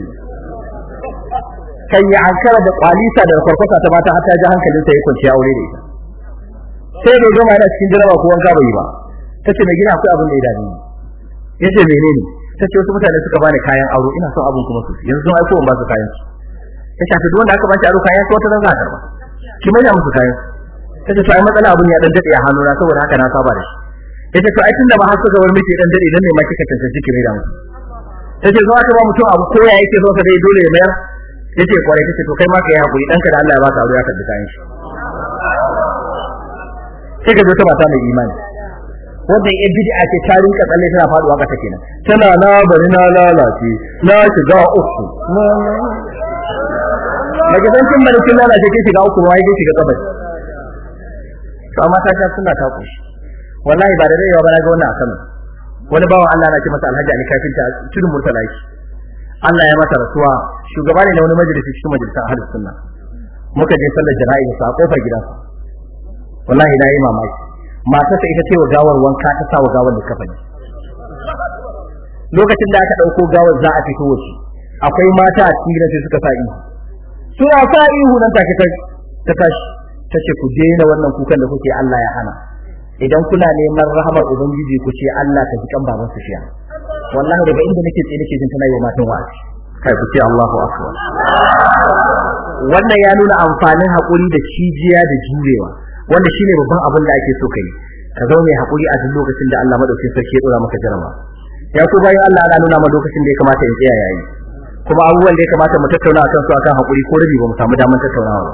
kai ya ankara da kwalisa da kwarkwasa ta mata har ta ji hankalin ya kwanci aure da ita sai bai gama yana cikin jaraba ko wanka bai yi ba tace mai gina akwai abin da ya dame ni yace menene tace wasu mutane suka bani kayan aro ina son abin kuma su yanzu don aiko ba su kayan su tace ta duwanda aka bashi aro kayan su wata zan zaka ba ki mai da musu kayan tace to ai matsala abin ya dan dade a na saboda haka na saba da shi yace to ai tunda ba har suka war miki dan dade dan ne ma kika tantance ki mai da musu tace zo aka ba mutum abu koya yake zo ka dai dole ya mayar yace kwarai tace to kai ma kai hakuri danka da Allah ya baka aro ya karbi kayan shi sai ka zo ta mata mai imani wannan yan bid'a ce ta rinka tsalle tana faduwa ka take nan tana na bari na lalace na shiga uku ga san kin bari kin lalace kin shiga uku ma kin shiga kabari to amma ta ta suna ta ku wallahi ba da dai ba ga wannan a wani bawan Allah na ce masa alhaji ali kafin ta tudu murtala shi. Allah ya masa rasuwa shugaba ne na wani majalisi cikin majalisa ahlus sunna muka je sallar jana'i a kofar gidansa wallahi na yi mamaki matarsa ita ce wa gawar wanka ta sa wa gawar da kafani lokacin da aka ɗauko gawar za a fito wasu akwai mata a cikin sai suka sa ihu suna sa ihu nan take ta tashi ta ce ku daina wannan kukan da kuke Allah ya hana idan kuna neman rahamar ubangiji ku ce Allah ka ji kan baban su fiya wallahi daga inda nake tsaye nake jin tana yi wa matan wa'azi kai ku ce Allahu akbar wannan ya nuna amfanin hakuri da cijiya da jurewa wanda shine babban abin da ake so kai ka zama mai hakuri a duk lokacin da Allah madaukakin sarki ya dora maka jarama ya ku bayan Allah ana nuna ma lokacin da ya kamata in tsaya yayi kuma abubuwan da ya kamata mu tattauna akan su akan hakuri ko rabi ba mu samu damar tattaunawa